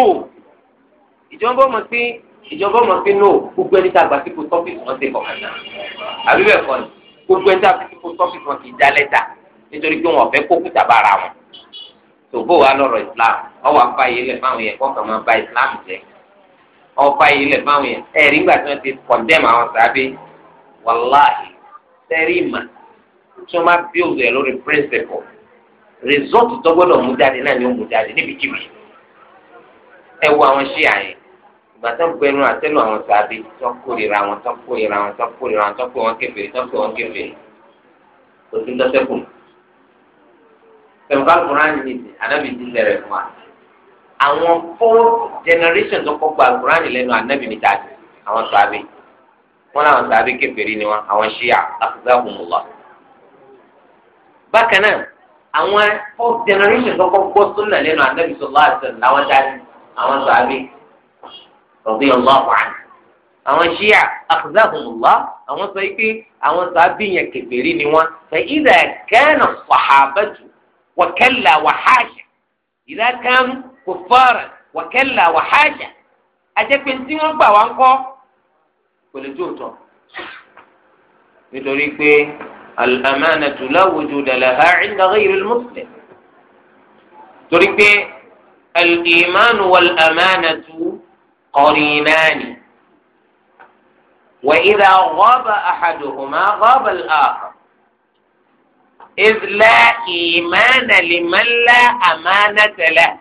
ìjọba ọmọ pé ìjọba ọmọ pé no gbogbo ẹni tá a gbà sí post office wọn ṣe kọkàn náà àbí bẹ́ẹ̀ kọ́ ni gbogbo ẹni tá a fi sí post office wọn kì í dá lẹ́tà nítorí pé wọn fẹ́ kó kúta bára wọn tòbó wa lọ́rọ̀ islam ọwọ́ afáyé lẹ̀ fáwọn yẹn kọ́ kàn máa ba islam jẹ́ ọwọ́ afáyé lẹ̀ fáwọn yẹn ẹ̀rí ńgbà tí wọ́n ti condemn àwọn sàbí wàláhì sẹ́rí mà tí wọ́n máa build ẹ̀ lórí principle result tó gbọ́dọ̀ mú jáde náà ni ó gbàtà gbẹrun àtẹnu àwọn sàbí tọkùrìrà wọn tọkùrìrà wọn tọkùrìrà wọn tọkùrìrà wọn kẹfìrì tọkùrìrà wọn kẹfìrì kò sí dọ́sẹ̀kùn. pẹ̀lú alukurani ni anabi ti lẹ̀rẹ̀ fún wa àwọn fourth generation tó kọ́ gba alukurani lẹ́nu anabi níta àwọn sàbí wọn làwọn sàbí kẹfìrì ni wọn àwọn ṣíà àfúgáhùnmùlá. bákan náà àwọn fourth generation tó kọ́ gbọ́ sọ́nà lẹ́nu anabi sọ̀rọ̀ àti àwọn dáadé àwọn sàbí. رضي الله عنه àwọn ṣíà akhzahumullah àwọn sọ pé àwọn sábì yẹn kèfèrí ni wọn fa idha kana sahabatu wa kalla wa hasha idha kanu kuffara wa kalla wa hasha àjẹpẹ́ tí wọ́n gbà wá ń kọ́ kò lè tó tọ̀ nítorí pé al-amanatu la wujuda laha 'inda ghayri al-muslim torí pé al-imanu wal-amanatu. قرينان وإذا غاب أحدهما غاب الآخر إذ لا إيمان لمن لا أمانة له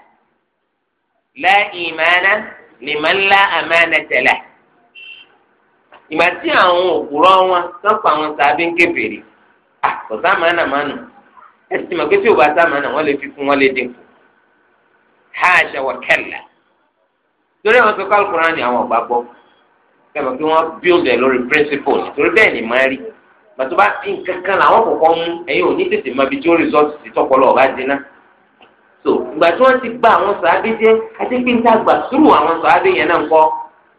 لا إيمان لمن لا أمانة له ìgbà tí àwọn òkúrọ wọn sọpọ àwọn sábẹ ń kébèrè kò sá màánà màánà ẹ sì tí ò bá sá màánà wọn lè fi fún wọn lè dínkù háàṣà wà kẹlà torí àwọn sọ kálukúrá ni àwọn ọgbà gbọ́ kẹfà kí wọn build ẹ lórí principles. torí bẹ́ẹ̀ ni máa rí bàtú bá nǹkan kan làwọn kọ́kọ́ mú ẹ̀yin ò ní tètè máa bi tí ó resort sí tọpọlọ ọba dínà so ìgbà tí wọn ti gba àwọn sàábé jẹ àti pé níta gbà sùúrù àwọn sàábé yẹn náà ń kọ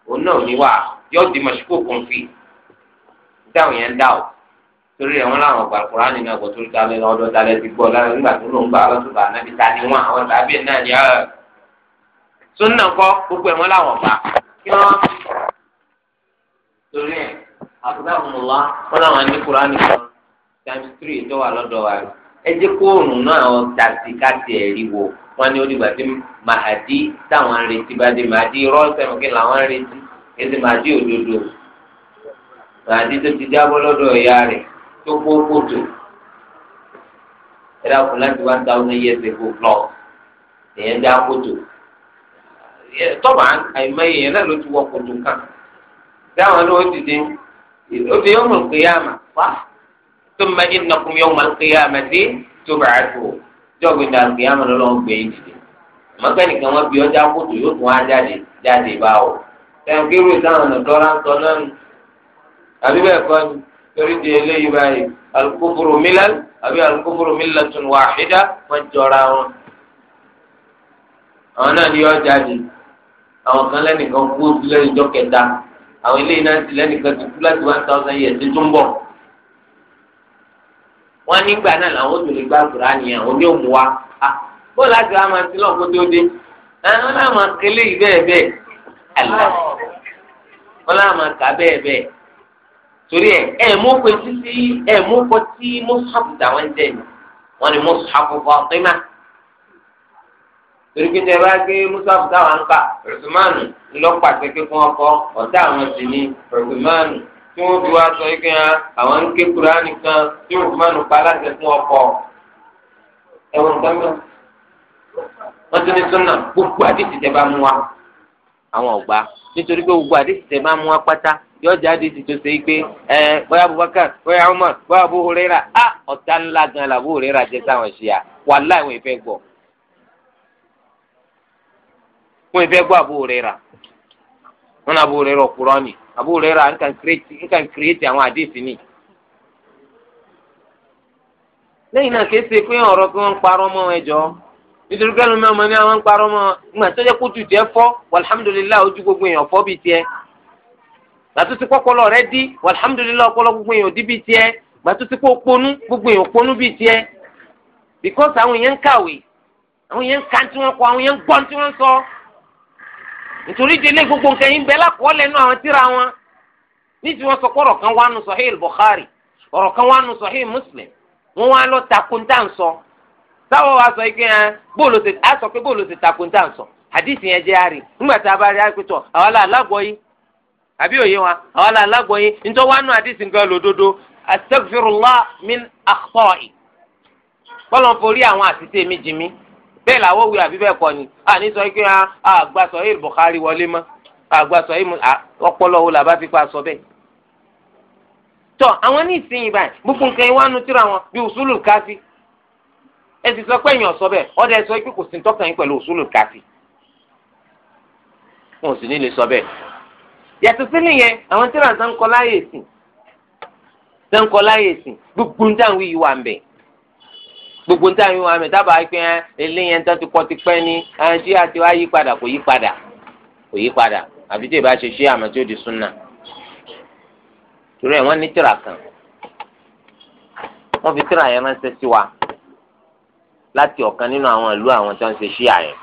òun náà ní wà yóò di mọṣúkò kan fi dáhùn yẹn dá o torí ẹ wọn làwọn ọgbà kúrá nínú ẹgbẹ torí ta lẹ ọdọ ta lẹ ti gbọ́ lára nígbà tó lóun bá alọsùn bá anábìta ni wọn àwọn sàábé náà ni ọ ah, sunna ńkọ́ gbogbo ẹ̀wọ̀n làwọn bá kí wọ́n torí ẹ̀ àbúdáhùnmùlá wọn làwọn ní kúránì kan times three tó wà lọ́dọ̀ wa rẹ̀ ẹ jẹ́ kó oòrùn náà tàbí káàtì ẹ̀rí wo wọn ní onígbà tí màhàdí táwọn ń retí bá dé màhàdí rọ́ọ̀sẹ̀ mọ̀kí làwọn ń retí èsì màhàdí òdodo màhàdí tó ti jábọ́ lọ́dọ̀ ìyá rẹ̀ tó kó kóòtù ẹ dákun láti one thousand years ago plus èèyàn já kóòtù tọ́ba àìmọye yẹn náà ló ti wọ kòtò kan dáhùn ló ti di ó ti yọmọ kéyàmà wá tó mẹ ìnàkùn yọmọ kéyàmà sí tó bàá tó jọ̀gbé ní àkéyàmà lọ́wọ́ gbé yìí dìde mọ̀gbẹ́ni kan wọ́n bí ọjà kòtò yóò tún wá jáde jáde báwò tẹ̀kírù táwọn ọ̀dọ́ra ń sọ náà nù àbí bẹ́ẹ̀ kọ́ ni torí di eléyìí báyìí alukófóró mílán àbí alukófóró mílán tún wàhídá wọ́n jọra wọn àwọn náà ni yọ jáde àwọn kan lẹ́nìkan kú oṣù lẹ́yìn ọjọ́ kẹta àwọn eléyìí náà ti lẹ́nìkan ti kú láti one thousand years tó ń bọ̀. wọ́n nígbà náà làwọn òtún lè gbá àgùrá nìyẹn àwọn oní òmùwa ah, bóyá láti wá máa ti lọ́ọ̀kú tó dé àwọn náà máa kélé yìí bẹ́ẹ̀ bẹ́ẹ̀ àlá wọ́n náà máa kà bẹ́ẹ̀ bẹ́ẹ̀ torí ẹ ẹ mú pé títí ẹ mú pọ tí mọ́sáfù dàwọn jẹ ni wọ́n ni mọ́sáfù Fátímà torí pé tẹ bá gbé musaf táwọn kà ọ̀sùmánù ńlọ́pàṣẹ pé fún ọkọ ọ̀tá àwọn sì ni ọ̀sùmánù tí wọ́n fi wá sọ yìí kan àwọn ń ké kúránì kan tí ọ̀sùmánù pa aláṣẹ fún ọkọ ẹ̀wọ̀n nǹkan mọ́. wọ́n ti ní súnà gbogbo àdìsí tẹ bá mú wa àwọn ọ̀gbá nítorí pé gbogbo àdìsí tẹ bá mú wa pátá yóò jẹ́ àdìsí tó ṣe pé ẹ bóyá Abubakar bóyá Umar bóyá Abu Huraira ah ọ̀tá ńlá gan-an làbó Huraira jẹ́ sáwọn ṣìyà wàláì wọn ì wọn ìfẹ́ gbọ́ Abu Hurairah wọn Abu Hurairah ọ̀pùrọ̀ ni Abu Hurairah nǹkan kírètì àwọn àdéhìí ni. lẹ́yìn náà kìí ṣe pé ọ̀rọ̀ pé wọ́n ń parọ́ mọ́ ẹjọ́ nítorí kẹ́lu mi ọmọ ní ń parọ́ mọ́ ìgbà tó kó gbogbo èèyàn fọ́ bíi tiẹ́ gbàtútù rẹ gbogbo èèyàn dí bíi tiẹ́ gbàtútù gbogbo èèyàn ponú bíi tiẹ́ because àwọn èèyàn ń kàwé àwọn èèyàn ń nítorí délé gbogbo nǹkan yín bẹ́ẹ̀ lákọọ́lẹ̀ nínú àwọn tíra wọn ní tí wọ́n sọ pé ọ̀rọ̀ kan wà nù Sahih Bukhari ọ̀rọ̀ kan wà nù Sahih Muslim wọ́n wá lọ takuntà ń wa sọ ike yẹn bóòlù ti a sọ pé bóòlù ti takuntà ń sọ àdìsí yẹn jẹ́ àrí nígbà tá a bá rí àpètọ̀ àwọn aláàgbọ̀ yìí àbí òye wa àwọn aláàgbọ̀ yìí nítorí wọ́n á nù àdìsí nǹkan lòdodo astaghfirullah min akhta'i kọ́lọ́n forí àwọn àtìsí mi jì mí bẹ́ẹ̀ làwọ̀ wí àbí bẹ́ẹ̀ kọ́ ni àní sọ pé àgbà sọ yìí Bukhari wọlé mọ́ àgbà sọ yìí ọpọlọ wo làbá fi pa sọ bẹ́ẹ̀. tọ àwọn ní ìsinyìí báyìí gbogbo nǹkan ìwà nu tíra wọn bí usulul káfí ẹ sì sọ pé èèyàn sọ bẹ́ẹ̀ ọdẹ sọ pé kò sí tọkàn yín pẹ̀lú usulul káfí. wọn ò sì ní lè sọ bẹ́ẹ̀. yàtọ̀ sí nìyẹn àwọn tíra sáńkọ láyè gbogbo ń gbogbo níta yín wàá mi dábàá pé ẹ eléyẹn tó ti kọ́ ti pẹ́ ní ẹ tí a ti wá yí padà kò yí padà kò yí padà àbí tí ìbá ṣe ṣe àmọ́ tí ó di súnà torí ẹ̀ wọ́n ní tírà kan wọ́n fi tírà yẹn ránṣẹ́ sí wa láti ọ̀kan nínú àwọn ìlú àwọn tó ń ṣe ṣíà yẹn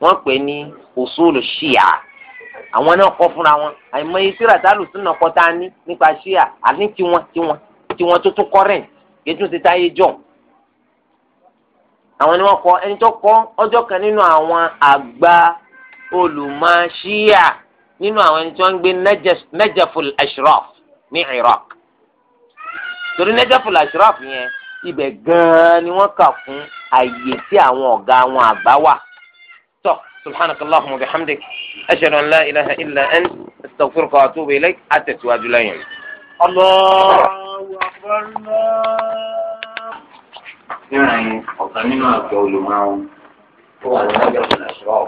wọ́n pè ní usulu ṣíà àwọn náà kọ́ fúnra wọn àìmọye tírà tálùsùn náà kọ́ tá a ní nípa ṣíà àní tiwọn tiwọn tiwọn tó tún kọ́rẹ́ǹtì kì í tún ti táyé jọ àwọn ni wọ́n kọ ẹni tó kọ ọjọ́ kan nínú àwọn àgbà olùmọṣíà nínú àwọn ẹni tí wọ́n ń gbé najaful ashraf ní iraq torí najaful ashraf yẹn ibẹ̀ gan-an ni wọ́n kà fún àyè tí àwọn ọ̀gá wọn àgbà wà tọ subhanaka allahumma wa bihamdik ashhadu an la ilaha illa ant astaghfiruka wa atubu ilayk àtẹ̀síwájú lẹ́yìn. Allah. Níran yìí, ọ̀kan nínú àjọ olùmọ̀ọ́ tó wà ní ọjọ́ ìrìnàṣọ́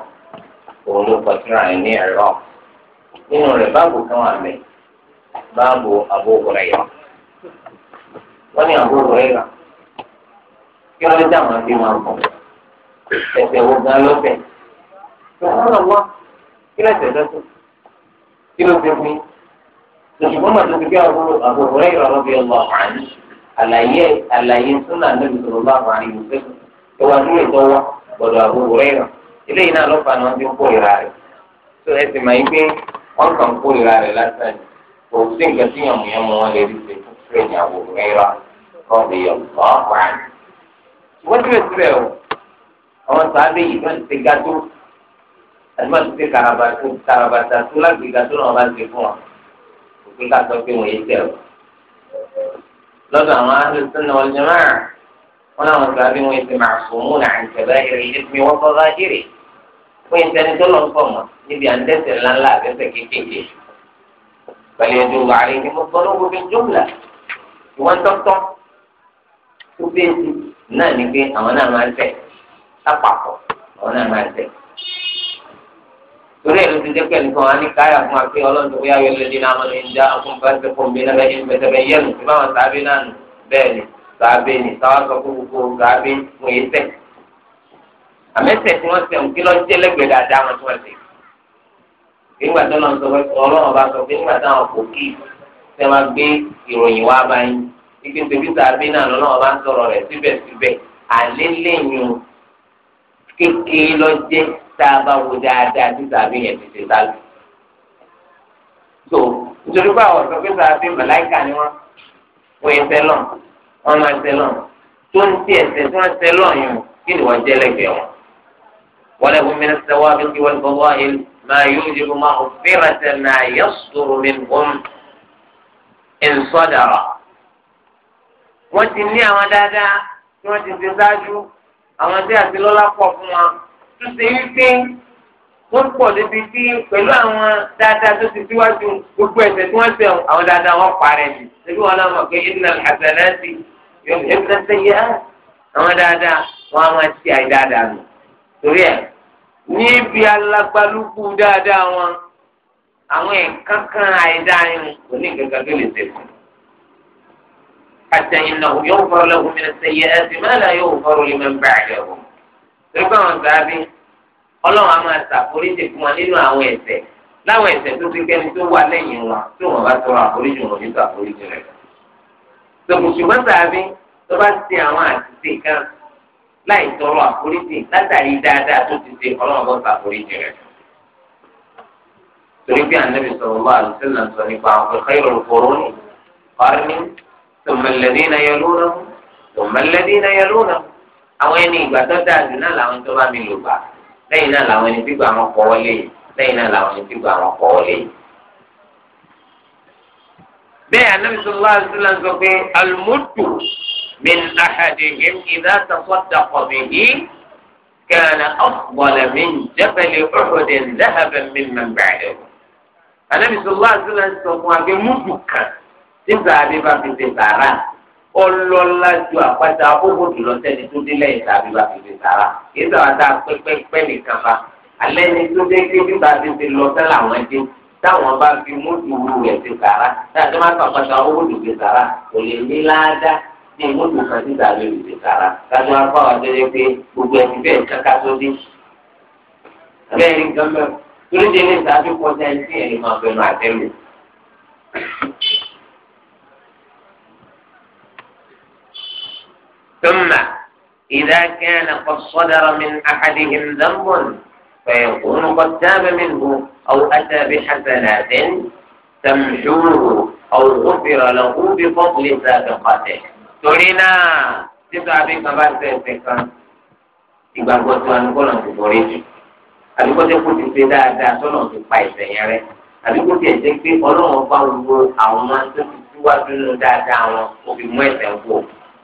òun ló kọ síra yìí ní ẹ̀rọ. Nínú rẹ̀ báàbò kan wà mí, báàbò Abu Hurairah. Wọ́n ní Abu Hurairah. Kí wọ́n lé dáhùn àti wọn kọ̀? Ẹ̀sẹ̀ wo gan lọ́sẹ̀? Ìwọ́n náà wá. Kí lẹ́sẹ̀ lọ́sẹ̀? Kí ló ti fún ṣùgbọ́n màá tóbi kí Abu Hurairah radiyallahu anhu àlàyé àlàyé súnà níbi sọ̀rọ̀ bá wà ní ìlú pé wà ní ìtọ́ wa gbọ́dọ̀ Abu Hurairah eléyìí náà lọ́fà ni wọ́n ti ń kórìíra rẹ̀ tó ẹ sì máa ń gbé wọ́n kàn ń kórìíra rẹ̀ lásán kò sí nǹkan tí yàmùyàmù wọn lè rí ṣe fún fúrẹ́ẹ̀nì Abu Hurairah radiyallahu anhu wọ́n ti rẹ̀ síbẹ̀ o àwọn sàábẹ̀ yìí wọ́n ti ti ga tó àti wọ́n ti ti karabata tó lágbèéga tó náà wọ́n bá ti fún wa pé ká sọ pé wọ́n yé tẹ̀ ọ́. lọ́dọ̀ àwọn ahlùsùn wal jamaa wọn làwọn sábẹ́ wọn ti máa sùn mú náà ìjọba ìrì ìdíkùn ìwọ́n kọ́ bá jèrè fún ìtẹni tó lọ pọ̀ mọ́ níbi à ń dẹ́ṣẹ̀ ńláńlá àdẹ́ṣẹ̀ kéékèèké. pẹ̀lú ẹjọ́ wàhálì ni mo gbọ́dọ̀ wo fi jùmùlà ìwọ́n tọ́tọ́ tó bẹ́ẹ̀ náà ni pé àwọn náà máa ń tẹ̀ lápapọ̀ àwọn náà máa ń tẹ̀ torí ẹ̀ ló ti jẹ́ pé nìkan á ní káyà fún wa pé ọlọ́run tó bóyá yọ lẹ́yìn náà lọ́nà ìjà ọkùnrin bá ti fún mi lẹ́bẹ̀ẹ́ yẹn bẹ̀tẹ̀bẹ̀ yẹn nù tí báwọn sábé náà nù bẹ́ẹ̀ ni sábé ni táwọn sọ fún gbogbo sábé fún yìí tẹ̀. àmẹ́sẹ̀ tí wọ́n sẹ̀wọ̀n kí lọ́ọ́ jẹ́ lẹ́gbẹ̀ẹ́ dáadáa wọn tí wọ́n ti. nígbà tó lọ́n sọ ọlọ́run bá sọ pé nígbà táwọn kò kí tá a bá wo dáadáa tí sàbí yẹn ti ṣe sálù. so nítorí pé àwọn ọ̀sán pé sàbí màláìka ni wọ́n wọ́n yẹn sẹ́lọ̀ wọ́n máa sẹ́lọ̀ tó ń tiẹ̀ sẹ́ tí wọ́n sẹ́lọ̀ yẹn kí ni wọ́n jẹ́ lẹ́gbẹ̀ẹ́ wọn. wọ́n lẹ́kùn mi ní sẹ́wọ́ abẹ́kí wọ́n gbọ́ máa yóò di kó máa fẹ́rẹ̀ tẹ̀ náà yẹ sòrò mi gbọ́n ìsọdàrà. wọ́n ti ní àwọn dáadáa tí wọ́n ti ṣe ṣáájú àwọn tí àti pọ̀ fún wọn tó ṣe wípé wọ́n pọ̀ débi tí pẹ̀lú àwọn dáadáa tó ti síwájú gbogbo ẹ̀ṣẹ̀ tí wọ́n ṣe àwọn dáadáa wọn parẹ́ ni ṣébí wọn náà mọ̀ pé innal hasanati yudhibna sayyi'at àwọn dáadáa wọn á máa ṣe àìdáadáa nù torí ẹ̀ níbi alágbálúkú dáadáa wọn àwọn ẹ̀kankan àìdáa yẹn kò ní kankan tó lè ṣe fún un. حتى إنه يغفر له من السيئات ما لا يغفر pẹ̀lú àwọn sàbí ọlọ́run á máa ṣàforíjì fún wọn nínú àwọn ẹ̀ṣẹ̀ láwọn ẹ̀ṣẹ̀ tó ti kẹ́ni tó wà lẹ́yìn wọn tí wọn bá tọrọ àforíjì wọn nípa àforíjì rẹ̀. sọ̀kùsùmọ́ sàbí tó bá ti àwọn àtìsí kan láì tọrọ àforíjì látàrí dáadáa tó ti ṣe ọlọ́run bọ́ ṣàforíjì rẹ̀. torí bí ànábì sallallahu alaihi wasallam sọ nípa àwọn khairul quruni àwọn ẹni ìgbà tó dáa jù náà làwọn tó bá mi lò gbà lẹ́yìn náà làwọn ẹni tí gbà wọn kọ́ wọlé lẹ́yìn náà làwọn ẹni tí gbà wọn kọ́ wọlé. bẹ́ẹ̀ anabi sallallahu alaihi wasallam sọ pé almutu min ahadihim idha tasaddaqa bihi kana afdala min jabal uhudin dhahaban mimman ba'dahu. anabi sallallahu alaihi wasallam sọ fún wa kan tí ọlọ́lá ju àpáta àkókò jùlọ sẹ́ni tó dé lẹ́yìn tàbí bá fèrè sára kí sábà tá a pẹ́pẹ́pẹ́ nìkan bá alẹ́ ni tó dé pé bí bá ti fi lọ sẹ́lá àwọn ẹjẹ́ táwọn bá fi mójú ru rẹ̀ ti sára táwọn máa fà pàṣẹ àkókò jù fi sára kò lè ní láàdá ní mójú kan ti sàrẹ́ rẹ̀ ti sára kájọ apá wa tẹ́lẹ̀ pé gbogbo ẹni bẹ́ẹ̀ káká tó dé. bẹ́ẹ̀ ni gánbẹ́ tó dé ní ìdájọ́ ثم إذا كان قد صدر من أحدهم ذنب فيكون قد تاب منه أو أتى بحسنات تمحوه أو غفر له بفضل سابقته ترينا تبقى بك بعد ذلك ìgbàgbọ́ tí wọn kọ́ lọ́n ti borí jù àdúgbò tí kò ti ṣe dáadáa tó lọ́n ti pa ìsẹ̀yìn rẹ àdúgbò tí ẹ̀jẹ̀ pé ọlọ́run bá wo àwọn tó ti síwájú nínú dáadáa wọn òfin mú ẹ̀sẹ̀ ń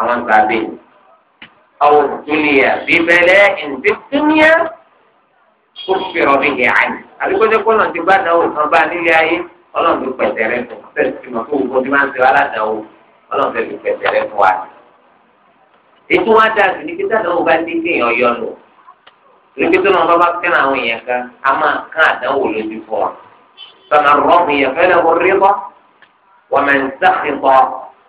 àwọn gbàgbé àwọn dunya bíbẹ̀rẹ̀ ìdíkúnyà kó fìrọ̀ bí yẹ àyè àbíkọ́jọ́ kó lọ́n ti bá dáwọ́ kan bá nílé ayé ọlọ́run ló pẹ̀tẹ́ rẹ fún fẹ́ẹ́ ti mọ̀ kó gbogbo tí máa ń ṣe aládàáwò ọlọ́run fẹ́ẹ́ fi pẹ̀tẹ́ rẹ fún wa. ètò wa dáa sí ní pé sádàáwò bá dé kéèyàn yọ lò ní pé tó náà bá fẹ́ràn àwọn èèyàn kan a máa kán àdánwò lójú fún wa. sọ̀nà rọ́ọ̀mù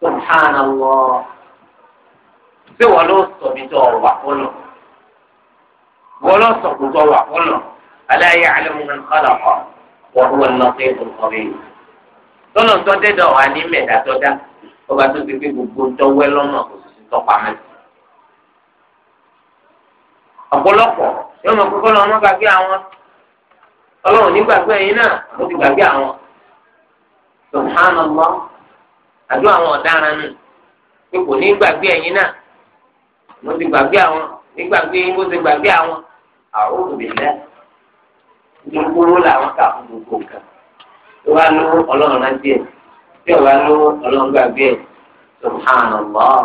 subhanallah ṣé wọn ló sọ bí tó wà fọlọ wọn ló sọ bí tó wà fọlọ ala ya'lamu man khalaqa wa huwa al-latif al-khabir tọ́nà tó dẹ́dọ̀ wà ní mẹ́ta tó dá ọba tó ti pé gbogbo tọ́wẹ́ lọ́nà kò sì tọ́pa ọ̀pọ̀lọpọ̀ yóò mọ̀ pé kọ́lọ́ ọmọ gbàgbé àwọn ọlọ́run nígbàgbé ẹ̀yin náà ó ti gbàgbé àwọn subhanallah àdó àwọn ọ̀daràn nù pé kò ní gbàgbé ẹ̀yin náà mo ti gbàgbé àwọn nígbàgbé mo ti gbàgbé àwọn àwọn òbílẹ̀ gbogbo làwọn kà fún gbogbo nǹkan tó wá ló ọlọ́run rántí ẹ̀ tí ò wá ọlọ́run gbàgbé ẹ̀ subhanallah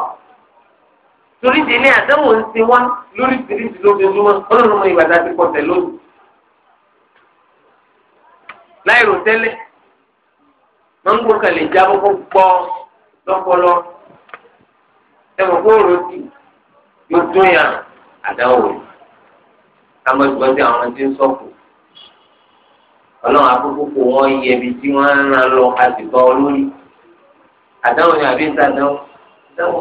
torí délé àdánwò ń ti wá lórí tìrìtì lójoojúmọ́ ọlọ́run mọ ìgbà tá a ti pọ̀ tẹ̀ lónìí láì rò tẹ́lẹ̀ mango kan lè jábọ́ kó gbọ́ lọ́pọlọ ẹ̀wọ̀n kó ròtì yóò dún yàn àdáwò àmọ́ ìgbọ́n tí àwọn ti ń sọ̀kù ọlọ́run akókó kò wọ́n yẹ ibi tí wọ́n ń ran lọ àtìgbà olórí àdáwò ni àbí ìta àdáwò àdáwò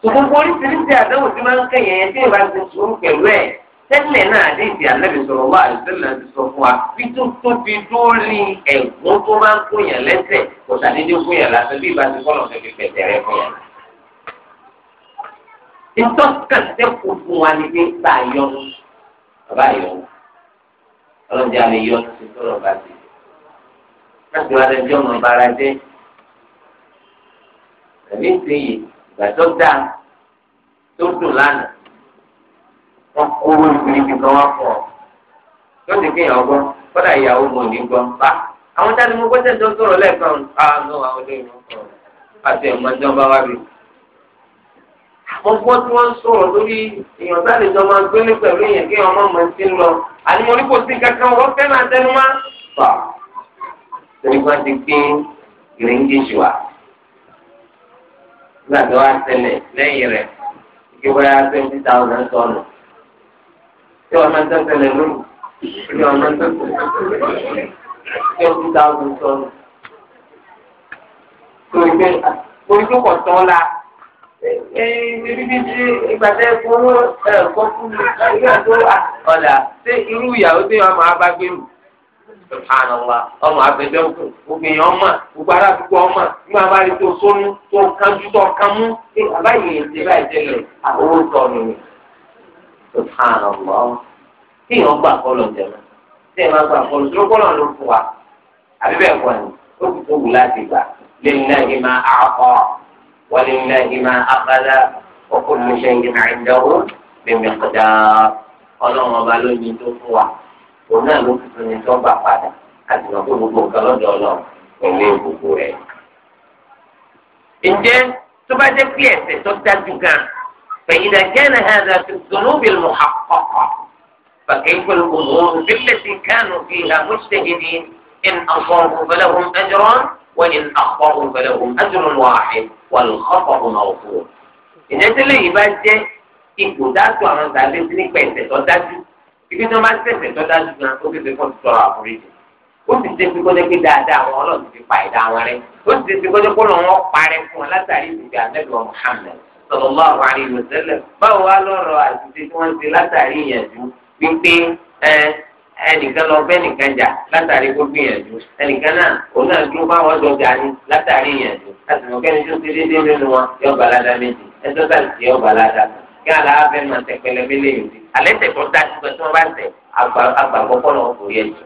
ṣùgbọ́n oríṣiríṣi àdáwò tí máa ń kẹ̀yẹ̀ yẹn tí ìbá ti sùúrù pẹ̀lú ẹ̀ tẹ́lẹ̀ náà àdéhìí ànábì sọ̀rọ̀ wá àdìsẹ́lẹ̀ ti sọ fún wa bí tó tóbi lórí ẹ̀gbọ́n tó máa ń kóyàn lẹ́sẹ̀ kò sàdédé kóyàn lásán bí ìbáṣe kọ́nà tó fi pẹ̀tẹ̀ kóyàn. ìtọ́ka sẹ́kù fún wa ni pé tá a yọ bàbá yọ ọlọ́jà mi yọ ti sọ̀rọ̀ bá ti. láti wá lẹ́jọ́ ọmọ bara jẹ́ tàbí ìsinyìí ìgbà tó dáa tó wọn kówó ìgbìyànjú kan wọn pọ̀ yóò ti kéèyàn gbọ́ kọ́dà ìyàwó mọ̀ ní gbọ́ bá àwọn táni mo gbọ́dọ̀ tó sọ̀rọ̀ lẹ́ẹ̀kan àánú àwọn olóyìn àti ẹ̀mọ́ ẹjọ́ bá wá rí. àkọ́kọ́ tí wọ́n sọ̀rọ̀ lórí èèyàn sáré jọ máa gbélé pẹ̀lú èèyàn kí ọmọ mọ̀ sí ń lọ àní mo ní kò sí kankan wọ́n fẹ́ máa tẹnu má. fà torí wọ́n ti gbé gíríngéjì wá. nígbà tó wá ṣẹlẹ̀ lẹ́yìn rẹ̀ kí wọ́n yá seventy thousand sọ̀nù tí ọmọ ẹsẹ̀ tẹ̀lé lónìí tí ọmọ ẹsẹ̀ tẹ̀lé tí o ti dáhùn sọ̀rọ̀ tó ìgbé ojú kò tọ́ la ibi bí ti ìgbà tẹ fowó ẹ kọ́ fún mi ẹgbẹ́ tó ọ̀dà ṣé irú ìyàwó tí wọn máa bá gbé mi subhanallah ọmọ abẹjọ gbogbo èèyàn ọmọ gbogbo ará gbogbo ọmọ nígbà bá rí tó sónú tó kánjú tó kánmú àbáyé ètè báyìí tẹ́lẹ̀ owó sọnù ni subhanallah tíyàn gbà kọlọ jẹmọ tíyàn bá gbà kọlọ tó kọlọ ló fún wa àbí bẹ́ẹ̀ kọ́ ni ó kù tó wù láti gbà lillahi ma a'ta wa lillahi ma akhadha wa kullu shay'in 'indahu bi miqdar ọlọ́run ọba ló ní tó fún wa òun náà ló fi tún ní tó gbà padà àti ìmọ̀ pé gbogbo nǹkan lọ́dọ̀ ọlọ́run pẹ̀lú ìgbòho rẹ̀. ǹjẹ́ tó bá jẹ́ pé ẹ̀ṣẹ̀ tó dájú gan-an فإذا كان هذا في الذنوب المحققة فكيف الأمور التي كانوا فيها مجتهدين إن أصابوا فلهم أجران وإن أخطأوا فلهم أجر واحد والخطأ مغفور ìyẹn tí lèyìn bá jẹ́ ipò dájú àwọn ìdálé sí nípa ẹ̀ṣẹ̀ tó dájú ibi tó máa ń ṣẹ̀ṣẹ̀ tó dájú gan ó kéde fún ìtọrọ àforíjì ó sì ṣe fi kọjá pé dáadáa àwọn ọlọ́run ti pa ẹ̀dá wọn rẹ ó sì ṣe fi kọjá pé wọn parẹ́ fún wọn látàrí ìgbà mẹ́lùmọ́ Muhammad sallallahu alaihi wa sallam báwo wá lọ́rọ̀ àtúnṣe tí wọ́n ti látàrí ìyànjú wípé ẹnìkan lọ bẹ́ nìkan jà látàrí gbogbo ìyànjú ẹnìkan náà òun náà dúró báwọn lọ jà ní látàrí ìyànjú láti mọ̀ kẹ́ni tó ti dédé nínú wọn yọ balada méjì ẹjọ́ tàbí ti yọ balada kí aláàbẹ̀ máa tẹ pẹlẹbẹ lẹ́yìn tí alẹ́ tẹ̀ tó dájú pé tí wọ́n bá tẹ̀ àgbàgbọ́kọ́ náà kò yẹ jù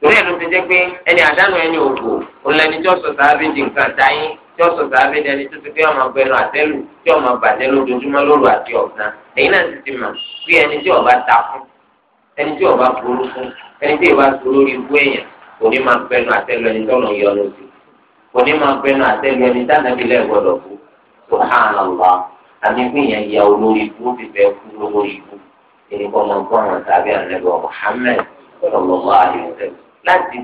torí ẹ̀ ló ti jẹ́ pé ẹni àdánù ẹni òkú òun lẹni tí ó sọ sáábì di nǹkan dáyé tí ó sọ sàbẹ dẹni tó ti pé ọmọ gbẹnu àtẹlù tí ọmọ bàjẹ́ lójoojúmọ́ lóru àti ọ̀sán lẹ́yìn náà ti ti mọ̀ pé ẹni tí ọba ta fún ẹni tí ọba burú fún ẹni tí ìwà sọ lórí ikú èèyàn kò ní máa gbẹnu àtẹlù ẹni tọ́nà yọ lójú kò ní máa gbẹnu àtẹlù ẹni tánàbí lẹ́ gbọ́dọ̀ kú subhanallah àmì fún ìyẹn ya olórí ikú ó fi fẹ́ kú lórí ikú ènìkọ́ ọmọ nǹkan àwọn tàbí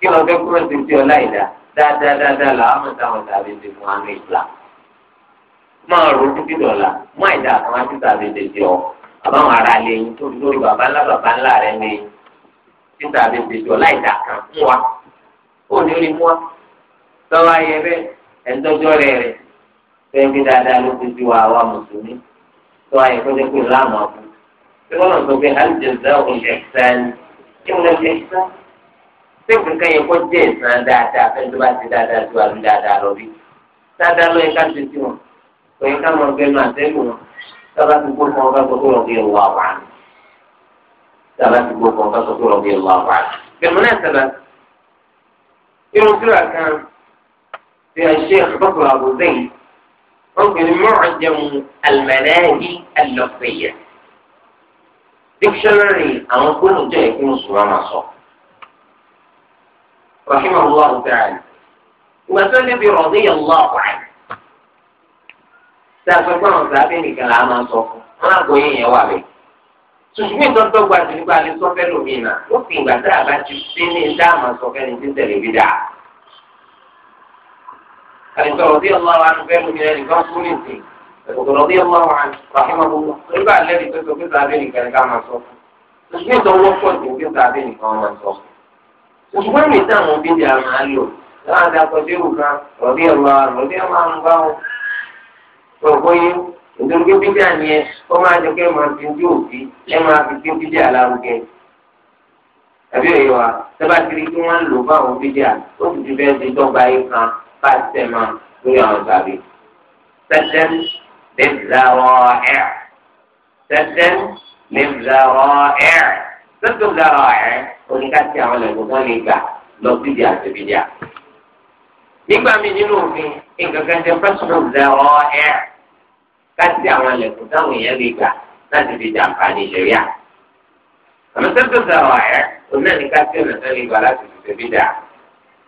kí lọ fẹ́ kúrò sí ti ọlá ìdá dáadáa dáadáa là á mọ̀ táwọn tàbí ti fún àmì ìlà máa ro títí dọ̀la mọ́ ìdá àwọn títí tàbí ti ti ọ àbáwọn ará lè yín tó lórí bàbá ńlá bàbá ńlá rẹ lè yín títí tàbí ti ti ọlá ìdá kan mú wa ó ní orí mú wa tọ́wọ́ ayẹ bẹ́ẹ̀ ẹ̀ńtọ́jọ́ rẹ̀ rẹ̀ fẹ́ẹ́ fi dáadáa ló ti ti wà wá mùsùlùmí tọ́wọ́ ayẹ kó dẹ́kun láàmú àbú. Ṣé wọ́n lọ sọ pé àlùjẹ̀ ṣé nǹkan yẹn kó jẹ́ ìsan dáadáa fẹ́ẹ́ tó bá ti dáadáa tó àbí dáadáa lọ bí. dáadáa lọ yẹn ká ṣe ti wọn kò yẹ ká máa gbẹnu àtẹ́gùn wọn sábà ti gbó fún ọgbà gbogbo ọgbà yẹn wà wà ní sábà ti gbó fún ọgbà gbogbo ọgbà yẹn wà wà ní. bẹ̀rù náà sábà irun síra kan ti a ṣe àkókò yìí wọ́n pè ní mọ́ọ̀jẹ̀mù àlùmọ̀lẹ́hìn àlọ́fẹ̀yẹ dikṣọ́nárì àwọn gbólóhùn jẹ́ ìpín mùsùlùmí máa sọ. رحمه الله تعالى وسلم برضي الله عنه sàfẹ́fẹ́ àwọn sàbẹ̀ nìkan là á máa sọ fún wọn àgọ́ yẹn yẹn wà bẹ́ẹ̀. tùtùmí tọ́tọ́ gba ti nípa alẹ́ sọ́fẹ́ lómìnira ó fi ìgbà tá a bá ti dé ní ẹ̀dá àmà sọ́fẹ́ ní ti tẹ̀lé bí dáa. àlùsọ̀rọ̀ bí ọlọ́wọ́ àwọn fẹ́ lómìnira nìkan fún ní ti ọ̀gọ̀rọ̀ bí ọlọ́wọ́ àwọn ràhìmọ̀ gbogbo nígbà alẹ́ nìkan sọ pé sàbẹ̀ nìkan ká máa sọ fún. tùtùmí tọ́wọ́ pọ̀ ṣùgbọ́n mi táwọn òbí di àmà á lò láwọn àdàkọ sí ìwù kan rọ̀bí ọ̀la rọ̀bí ọ̀la máa ń bá wọn. sọ bóyá nítorí pé bídí àní ẹ kó máa jẹ pé màá fi ojú òbí ẹ máa fi gbé bídí àlárugẹ. àbí òye wa sábà kiri kí wọ́n lò bá àwọn bídí à ó sì ti bẹ́ẹ̀ di dọ́gba yìí kan bá a tẹ̀ máa lórí àwọn tàbí. sẹ́sẹ́n lè zàrọ̀ ẹ̀ sẹ́sẹ́n lè zàrọ̀ ẹ̀ lọ́dún dára ẹ̀ oníkàtí àwọn ẹ̀gbọ́n kan lè gbà lọ sí ìdí àti ìdí à. nígbà míì nínú òfin nǹkan kan jẹ́ personal zero ẹ̀ káti àwọn ẹ̀gbọ́n táwọn èèyàn lè gbà láti fi jàǹfà ní ìṣẹ̀yà. àmọ́ lọ́dún dára ẹ̀ oní ẹ̀nìkàtí ọ̀nà kan lè gbà láti fi ṣẹ̀bí dà.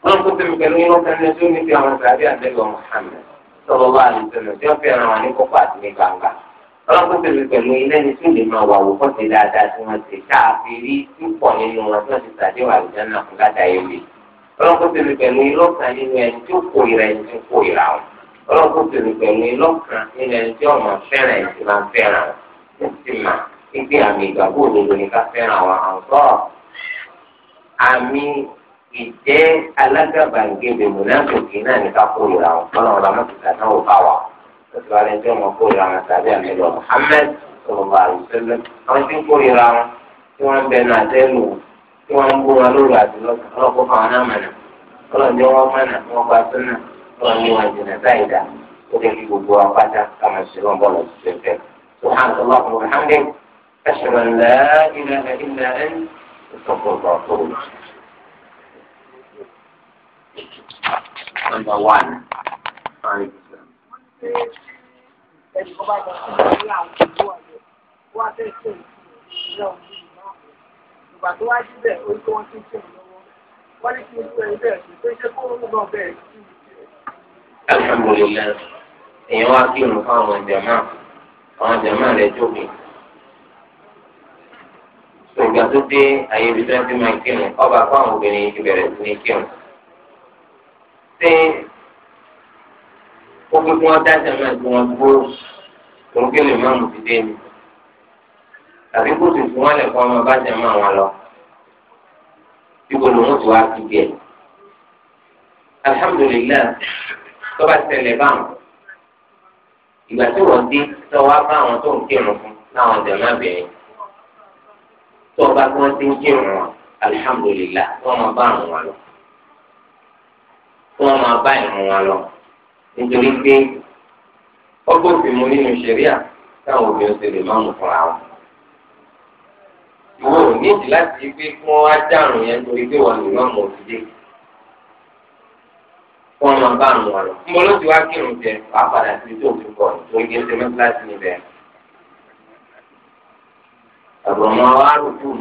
wọ́n kó tẹ̀mí pẹ̀lú irun kan ní tí ó ti àwọn sàbí àtẹ́gbọ̀n Muhammad sọ̀rọ̀ wà lùtẹ̀lẹ̀ tí wọ́n fẹ́ràn wọn ní ọlọ́pàá tẹ̀lé pẹ̀lú ilé ní tí ó lè máa wà wò fún ti dáadáa tí wọ́n ti ká àfi rí púpọ̀ nínú wọn tí wọ́n ti sàdé wà lùdá náà fún ládàá ewé ọlọ́pàá tẹ̀lé pẹ̀lú ilọ́kàn nínú ẹni tí ó kórìíra ẹni tí ó kórìíra wọn ọlọ́pàá tẹ̀lé pẹ̀lú ilọ́kàn nínú ẹni tí ọmọ fẹ́ràn ẹni tí máa fẹ́ràn wọn ó sì mà pípé àmì ìgbàgbọ́ òdodo ni ká fẹ́ràn wọn àǹkọ́ nípa ẹni tí wọ́n kórìíra wọn tàbí àmìlọ Muhammad sọlọ́mọ àlùsẹ́lẹ̀ àwọn tí ń kórìíra wọn tí wọ́n ń bẹ náà tẹ́lù tí wọ́n ń bú wọn lórí àdúrà ọlọ́kọ́ fún àwọn náà mọ̀nà ọlọ́ọ̀dẹ́ wọn mọ̀nà wọn gba sọ́nà ọlọ́ọ̀dẹ́ wọn jìnnà sáyidá ó lè fi gbogbo wa pátá káwọn sì lọ́n bọ́ọ̀lù ṣe Number one pé ẹnì kan bá lọ sí ìlú àwọn ìlú àjọ wá tẹ̀sán ìlú àwọn ìlú náà ìgbà tó wá síbẹ̀ ó ní kí wọ́n ti ń tẹ̀lé lọ́wọ́ wọ́n ní kí n tún ẹni bẹ́ẹ̀ sí pé ṣé kó ń lọ bẹ́ẹ̀ sí ìlú tiẹ̀. alhamdulilayi èèyàn wá kí òun fáwọn jàmá àwọn jàmá rẹ jókòó ìgbà tó dé àyè ibi tó ń fi máa kírun ọba fáwọn obìnrin ti sí ní kírun ó pé kí wọ́n dájà náà kí wọ́n gbóró tòun kí lè má mú ti dé ni tàbí kó sì fún wọn lè fọ ọmọ bàjẹ́ mọ́ àwọn lọ ibo lòun ti wá kíkì ẹ̀ alihamudulilayi tọ́ba tẹ̀lé báwọn ìgbà tí wọ́n dé tọ́wọ́ bá àwọn tó ń kírun fún láwọn jẹ̀mọ́ abẹ́rẹ́ tọ́ba tí wọ́n ti ń kírun wọn alihamudulilayi wọ́n máa bá wọn lọ wọ́n máa bá ìrun wọn lọ nítorí pé ọgbọ́n fi mu nínú ṣẹ̀ríà táwọn obìnrin ṣe lè máa mú fúnra wọn. ìwọ ò nídìí láti pé kí wọ́n á dárùn yẹn torí pé wọ́n lè má mọ̀ òdìdé. kí wọ́n máa bá àrùn wọn lọ. ń bọ́ ló ti wá kírun jẹ wàá padà sí tó fi bọ̀ nítorí kí ṣe mẹ́tí láti níbẹ̀. àbùrọ̀mọ́ wa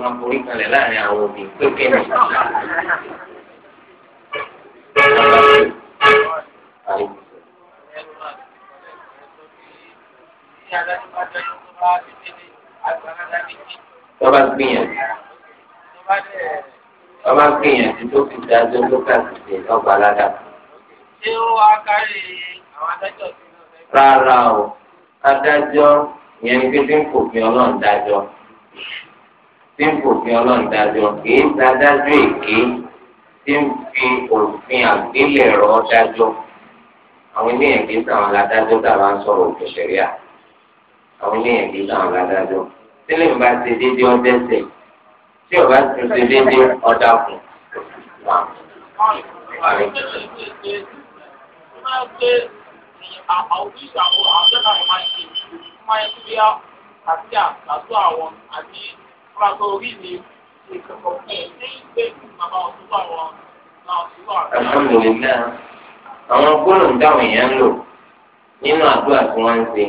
máa forí kalẹ̀ láàrin àwọn òbí pé kéèyàn ṣe ṣe. tọ́ba gbìyànjú tọ́ba gbìyànjú tó fi dájọ́ lókàtí ṣe ọgbà ládàá. ṣé ó wá kárí àwọn adájọ́ sí i. rárá o adájọ́ yẹn gbé tí ń kò fi ọlọ́run dájọ́ tí ń kò fi ọlọ́run dájọ́ kìí ṣadájọ́ èké tí ń fi òfin àgbélẹ̀rọ dájọ́ àwọn ilé yẹn kìí adájọ́ tàbá ń sọ̀rọ̀ òkè ṣẹ̀ríà àwọn eléyìí bí àwọn adájọ́ sílẹ̀ ń bá ṣe déédéé ọdẹ sẹ̀ tí ọba tún ṣe déédéé ọdá kù. Alhamdulilayi, àwọn gbólóhùn táwọn èèyàn ń lò nínú àdúrà tí wọ́n ń ṣe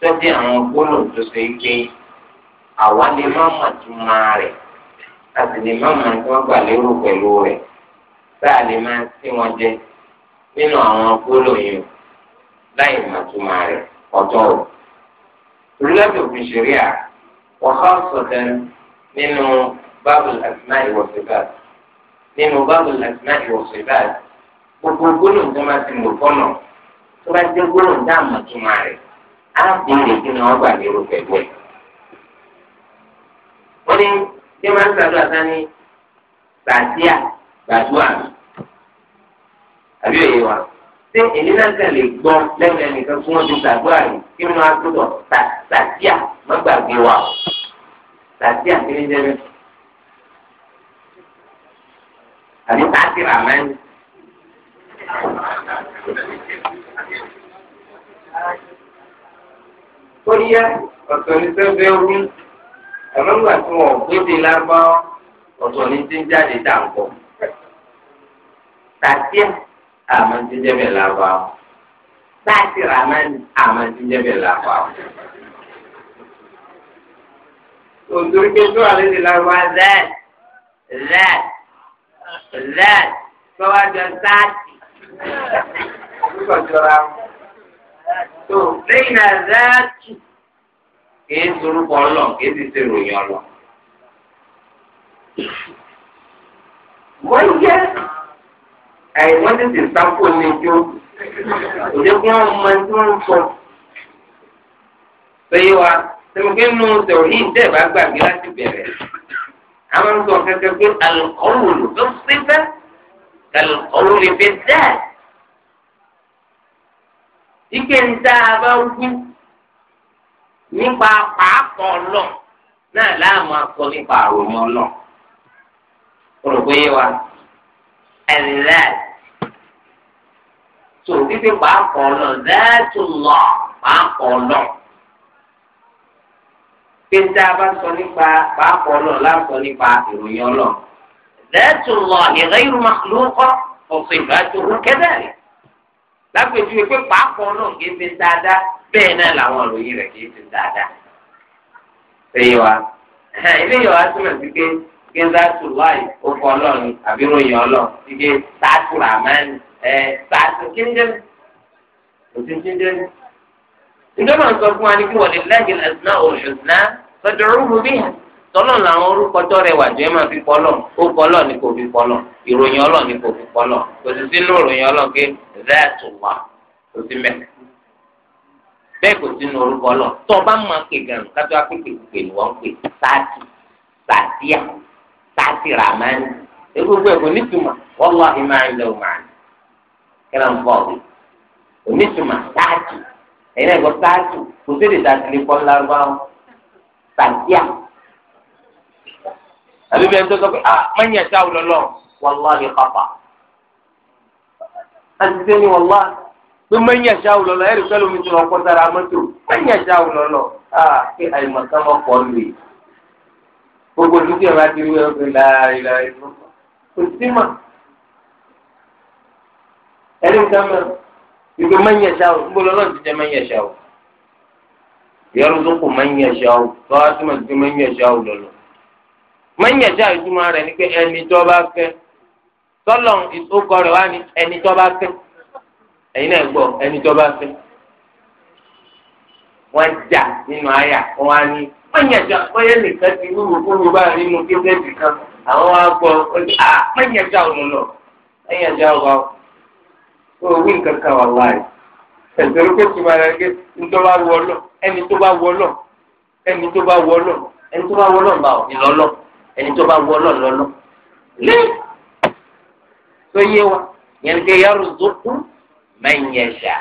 sẹ́dí àwọn gbólóhùn tó ṣe é ké àwa lè má mà tún máa rẹ̀ a sì lè má mà tí wọ́n gbà lérò pẹ̀lú rẹ̀ tá a lè máa tí wọ́n jẹ nínú àwọn gbólóhùn yìí láì mà tún máa rẹ̀ ọ̀tọ̀ o. orílẹ̀-èdè òfin ṣẹ̀ríà wọ́n ká sọ̀tẹ́ nínú bábù asma'i wa sifat nínú bábù asma'i wa sifat gbogbo gbólóhùn tó máa ti lò fọ́nà tó bá jẹ́ gbólóhùn tá a rẹ̀ á kí ni wọ́n gbà lérò pẹ̀lú ẹ̀. ó ní bí máa ń sàdúrà sá ní gbàdíà gbàdúrà àbí òye wa ṣé èmi náà kàn gbọ́ lẹ́nu ẹnìkan fún wọn ti gbàdúrà yìí kí wọ́n á tó bọ̀ gbàdíà má gbàgbé wa gbàdíà kí ni jẹ́ àbí káàtì rà máa ń ó yá ọ̀tọ̀ ní sẹ́fẹ́ rú àmọ́ ńgbà tí wọ́n gbóde lábá ọ̀tọ̀ ní ti ń jáde dàǹkọ́ tàtíà àmọ́ ti ń jẹ́bẹ̀ lábá tàtìrà àmọ́ ti ń jẹ́bẹ̀ lábá òtúrú pé tó àlẹ́ ti lábá zẹ́ẹ̀ zẹ́ẹ̀ zẹ́ẹ̀ tọ́wájọ sáàtì tó lẹ́yìn náà záàtù kìí sorúkọ ọlọ kìí ti ṣe ròyìn ọlọ. wọ́n yẹ àìwọ́n tètè sáfò ní ijó òjòkùn àwọn ọmọ tí wọ́n ń sọ. sẹ́yìn wa sẹ́mukẹ́ nù sọ̀rọ̀ yìí dẹ́ bá gbàgbé láti bẹ̀rẹ̀ àwọn ń sọ kẹ́kẹ́ pé alukọ́wò ló fẹ́ fẹ́ alukọ́wò lè fẹ́ dáàtì ike ń tá a bá wú nípa pàápọ̀ lọ náà láàmú akọ nípa àròyìn ọlọ olùkọ́ yé wa ẹ̀lẹ́d tó fífi pàápọ̀ lọ dáàtú lọ pàápọ̀ lọ ike ń tá a bá sọ nípa pàápọ̀ lọ láàmú nípa ìròyìn ọlọ dáàtú lọ ìrẹ́yìn màlúkọ́ òfin ìgbà tó kẹ́dẹ́rì. lápèjúwe pé pàápàá náà kì í ṣe dáadáa bẹ́ẹ̀ náà làwọn ìròyìn rẹ̀ kì í ṣe dáadáa. ṣèyí wa eléyìí wa túmọ̀ sí pé gẹ́gẹ́ sùláì ọkọ̀ ọlọ́run àbí ròyìn ọlọ́run ti gé sáàtù ràmánì ẹ̀ sáàtù kíndẹ́mù òtí kíndẹ́mù. ìjọba ń sọ fún wa ní kí tọ́lọ́n làwọn orúkọ tó rẹwà jù ẹ́ máa fi pọ́lọ̀ ó pọ́lọ̀ ni kò fi pọ́lọ̀ ìròyìn ọlọ́ ní kò fi pọ́lọ̀ kò sì sínú ìròyìn ọlọ́ pé that wà kò sí mẹ́. bẹ́ẹ̀ kò sínú orúkọ ọlọ́ tó o bá máa pè gan kájọ apèpè pè ní wọ́n pè sáàtì sàtíà sáàtì ràmánì egbogbo ẹ̀ kò wọ́n lọ ìmọ̀ àìlẹ̀ òmà ni kẹ́lá ń bọ̀ wí kò sáàtì ẹ̀yin náà sáàtì kò sí àbí bẹ́ẹ̀ tó sọ pé ah má nyà sáwù lọ́lọ́ wàláhi pápá àti sẹ́ni wàlá pé má nyà sáwù lọ́lọ́ ẹ̀rí sọ́lù mi tó lọ kọ́ sára mọ́tò má nyà sáwù lọ́lọ́ ah kí àyùmọ̀ká má pọ̀ lè gbogbo dúkì ẹ̀ bá ti rí ẹ̀ pé láàrin láàrin kò sí mà ẹ̀rí nǹkan mẹ́rin ìgbé má nyà sáwù ń bọ̀ lọ́lọ́ ti jẹ́ má nyà sáwù yẹ́rù tó kù má nyà sáwù tó má ti má nyà sáwù lọ́lọ́ mọ̀nyẹ̀dá ìtumọ̀ rẹ̀ ni pé ẹni tó bá fẹ́ sọlọ ìsókọ rẹ̀ wá ní ẹni tó bá fẹ́ ẹ̀yin náà gbọ́ ẹni tó bá fẹ́ wọ́n jà nínú àyà wọn á ní mọ̀nyẹ̀dá bóyá nìkan ti wúwo fúnmi bá nínú kéfẹ́ẹ̀tì kan àwọn wa gbọ́ à ah, mọ̀nyẹ̀dá ò lọ mọ̀nyẹ̀dá ò wá o wí nǹkan kan wà láàyè ẹ̀sẹ̀rú kó tuma rẹ̀ ké ntọ́ bá wọ lọ ẹni tó bá wọ lọ ẹni tó bá wọ lọ ẹni tó bá wọ lọ ẹni tó bá wọ lọ́lọ́lọ́ lé tó yé wa yẹn ké yàrá zokú mẹ́nyẹ̀ṣà.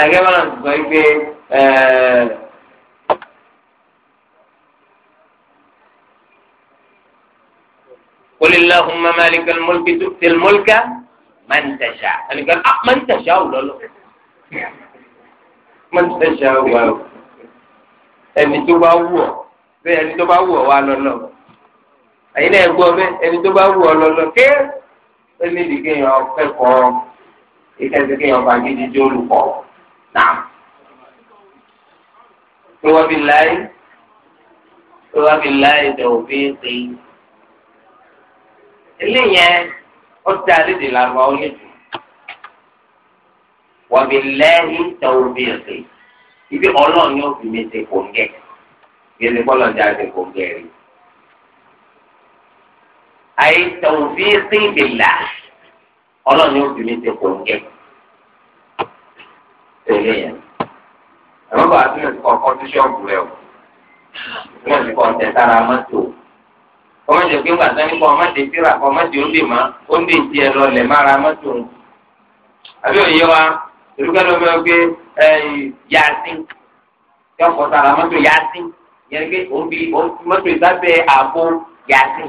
Àgẹ́ wọn náà sọ pé قل اللهم مالك الملك تؤتي الملك من تشاء يعني قال من تشاء ولا لا من تشاء واو ẹni tó bá wù pé ẹni tó bá wù ọ wá lọ náà ẹ̀yin náà gbọ́ bẹ ẹni tó bá wù ọ lọ náà ké ó ní ìdí kéèyàn kẹ́kọ̀ọ́ ìkẹsì kéèyàn bá gidi jó olùkọ́ náà tó wá bí láyé tó wá bí láyé tó ò fi pè é eléyẹn ó ti àlejò làwọn onídìí wàbí lẹ́yìn tó ò fi pè é ibi ọlọ́run yóò fi mi ṣe kò ń gẹ̀ẹ́ yẹn kọlọ ní adé kò gẹrí. àyè tawfiqi billah ọlọ́ọ̀ni ó fi mí ṣe kò gẹ. tẹ̀lé yẹn àwọn bàbá tí wọn kọ ọtún ṣọ́ọ̀bù rẹ o tí wọn ti kọ ọtẹ sára mọ́tò kọ́mọ́tò pé ńgbà sani kọ́ ọmọdé síra kọ́ ọmọdé ó lè má ó lè ti ẹ lọ lẹ̀ mára mọ́tò o àbí òye wa ìlú kẹ́lẹ́ ọmọ ẹgbẹ́ yaasin yọkọ̀ sára mọ́tò yaasin yẹn pé òun fi mọ́tò ìsábẹ́ àpò yàtì.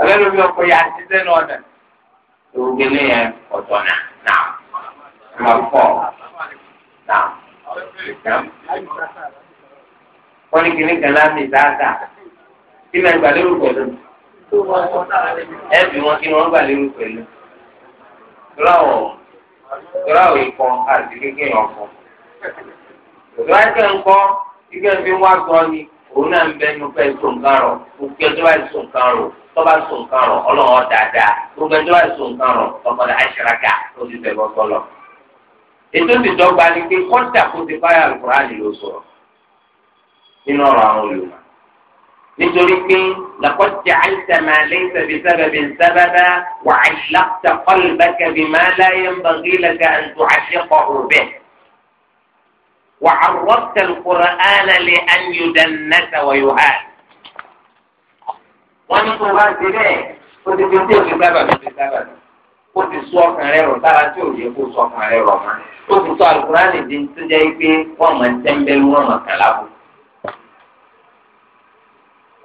abẹ́rẹ́ omi ọkọ̀ yàtì sẹ́nu ọ̀nà ògèlè yẹn ọ̀tọ̀ náà náà máa fọ̀ náà wọ́n ní kíní kan láti dáadáa kí náà gbàlérò pẹ̀lú ẹ̀bí wọn kí ni wọ́n gbàlérò pẹ̀lú tọ́láwọ̀ tọ́láwọ̀ ikọ̀ àti kékeré ọkọ̀. òtún wáyé kẹ́ ń kọ́ ike ń fi wá sọ ni òun náà ń bẹ pẹ́ òkè tó ọlọ́wọ́ dáadáa tó ọmọdé tó ti ètò ìdọ́gba ni pé kọ́ńtà ti báyà lùkùránì ló sọ̀rọ̀ nínú ọ̀rọ̀ àwọn olùmọ̀ nítorí pé làkọ́jà bí sábàbí sábàbá wà á kọ́lù bá láyé ń وعرضت القرآن لأن يدنس ويهان wọ́n ti sọ ọkàn rẹ rọ sára tí ò yẹ kó sọ ọkàn rẹ rọ mọ́ ó ti sọ àlùkùránì di tó jẹ́ pé wọ́n máa ń tẹ́ńbẹ́lú wọ́n máa kàn àbí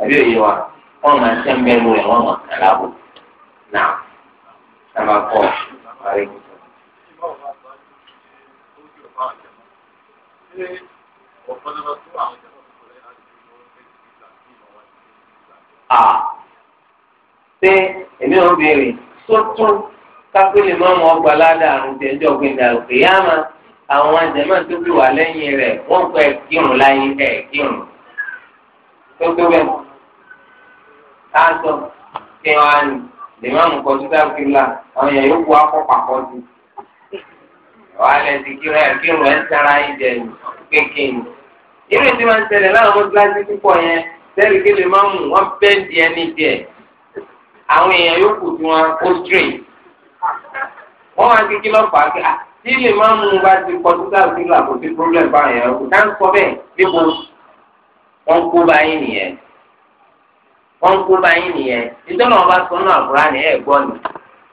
òye wa wọ́n máa ń tẹ́ńbẹ́lú rẹ̀ wọ́n máa kàn lábò náà sábà kọ́ ọ̀rẹ́ ṣé ọ̀pọ̀ náà máa tó àwọn ìjọba tuntun lẹ́yìn láti fi wọ́n fẹ́ ti gbà kí ìmọ̀ wá sí ìgbà. ṣé èmi ò béèrè tó tó kápẹ́lì máa mọ ọgbà ládàá àrùn tẹ̀jọ́ gbẹ̀dà òkè yá máa àwọn àjẹmọ́ tó fi wà lẹ́yìn rẹ̀ wọ́n pẹ́ kírun láyé ẹ̀ kírun tó tó bẹ́ẹ̀ káàtó kí wọ́n á lè má mú kọjú dákìlá àwọn èèyàn yóò kó akọ́ pàkọ́ wàhálẹ̀ ti kí ẹ kí ìrùn ẹ̀ ń tara yín jẹ kékeré irú ti máa ń tẹ̀lé láwọn mọ́tíláṣí púpọ̀ yẹn sẹ́ẹ̀lì kí lè máa mú wọn bẹ́ẹ̀dì ẹni díẹ̀ àwọn èèyàn yòókù tí wọn ó straight wọ́n wá kékeré lọ́pàá kí ah, tí lè máa mú bá ti kọ títà sílà kò sí problem bá yẹn kò tá ń sọ bẹ́ẹ̀ bíbo wọ́n kó báyìí nìyẹn wọ́n kó báyìí nìyẹn nítorí wọn bá sọ náà àbúrá ni ẹ̀ ni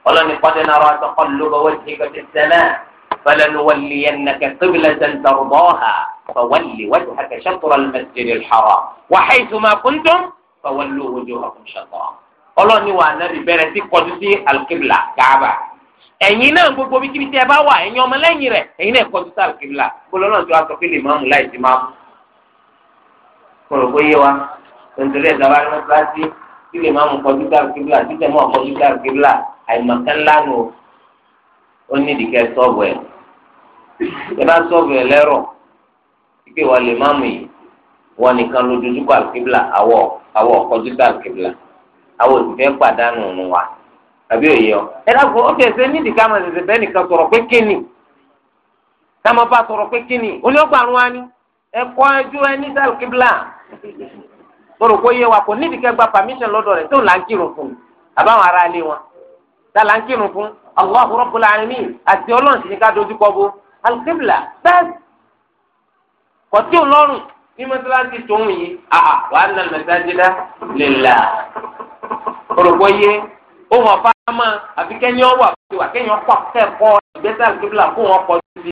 ọlọ́ni pọ́ńdé náà wọ́n sọ ló فلنولينك قبلة ترضاها فول وجهك شطر المسجد الحرام وحيثما كنتم فولوا وجوهكم شطرا ọlọ́ni wa anabi bẹ̀rẹ̀ sí kọjú sí alikibla kaaba ẹ̀yin náà gbogbo bí kíbi tí ẹ bá wà ẹ̀yin ọmọ lẹ́yìn rẹ̀ ẹ̀yin náà kọjú sí alikibla kólọ́ náà tó a sọ pé lè máa mú máa mú. kọ̀rọ̀ wa tòǹtòrí ẹ̀ ní kíláàsì kí máa mú kọjú sí alikibla títẹ̀ mọ́ kọjú sí alikibla àyèmọ̀kánlá nù ó ní ìdíkẹ́ sọ́ọ̀bù ẹ̀ ẹ bá sọ́ọ̀bù ẹ lẹ́rọ̀ pípé wà lè máàmù yìí wọn nìkan ló dojú kọ àlùkìbìlà àwọ àwọ ọkọjú sí àlùkìbìlà àwọ òsìfẹ́ pàdánù òun wa àbí òye ọ. ẹ dàgbọ́ ó fẹsẹ̀ nídìí ká máa ṣẹ̀ṣẹ̀ bẹ́ẹ̀ nìkan sọ̀rọ̀ pé kíni ká máa bá sọ̀rọ̀ pé kíni onígbàrún wa ni ẹ kọ́ ẹjú ẹ ní àlùkìbìlà tọrọ kó yé wa kò nídìí kẹ́ gba permission lọ́dọ̀ rẹ̀ tó là ń kírun fún àbáwọn ará ilé wọn tá là ń kírun fún Allahu Rabbul Alamin àti Ọlọ́run sì ní alikibla bẹ́ẹ̀ kọtí ọlọ́run ní mọ́sálásí tó ń yin àhà wàá nà mẹsáájídá lélà orúkọ yé ohun ọ̀fà máa àfi kẹ́yìn ọ̀wà àti wà kẹ́yìn ọ̀pọ̀ akẹ́kọ̀ọ́ ìgbésẹ̀ alikibla fún wọn pọ̀ sí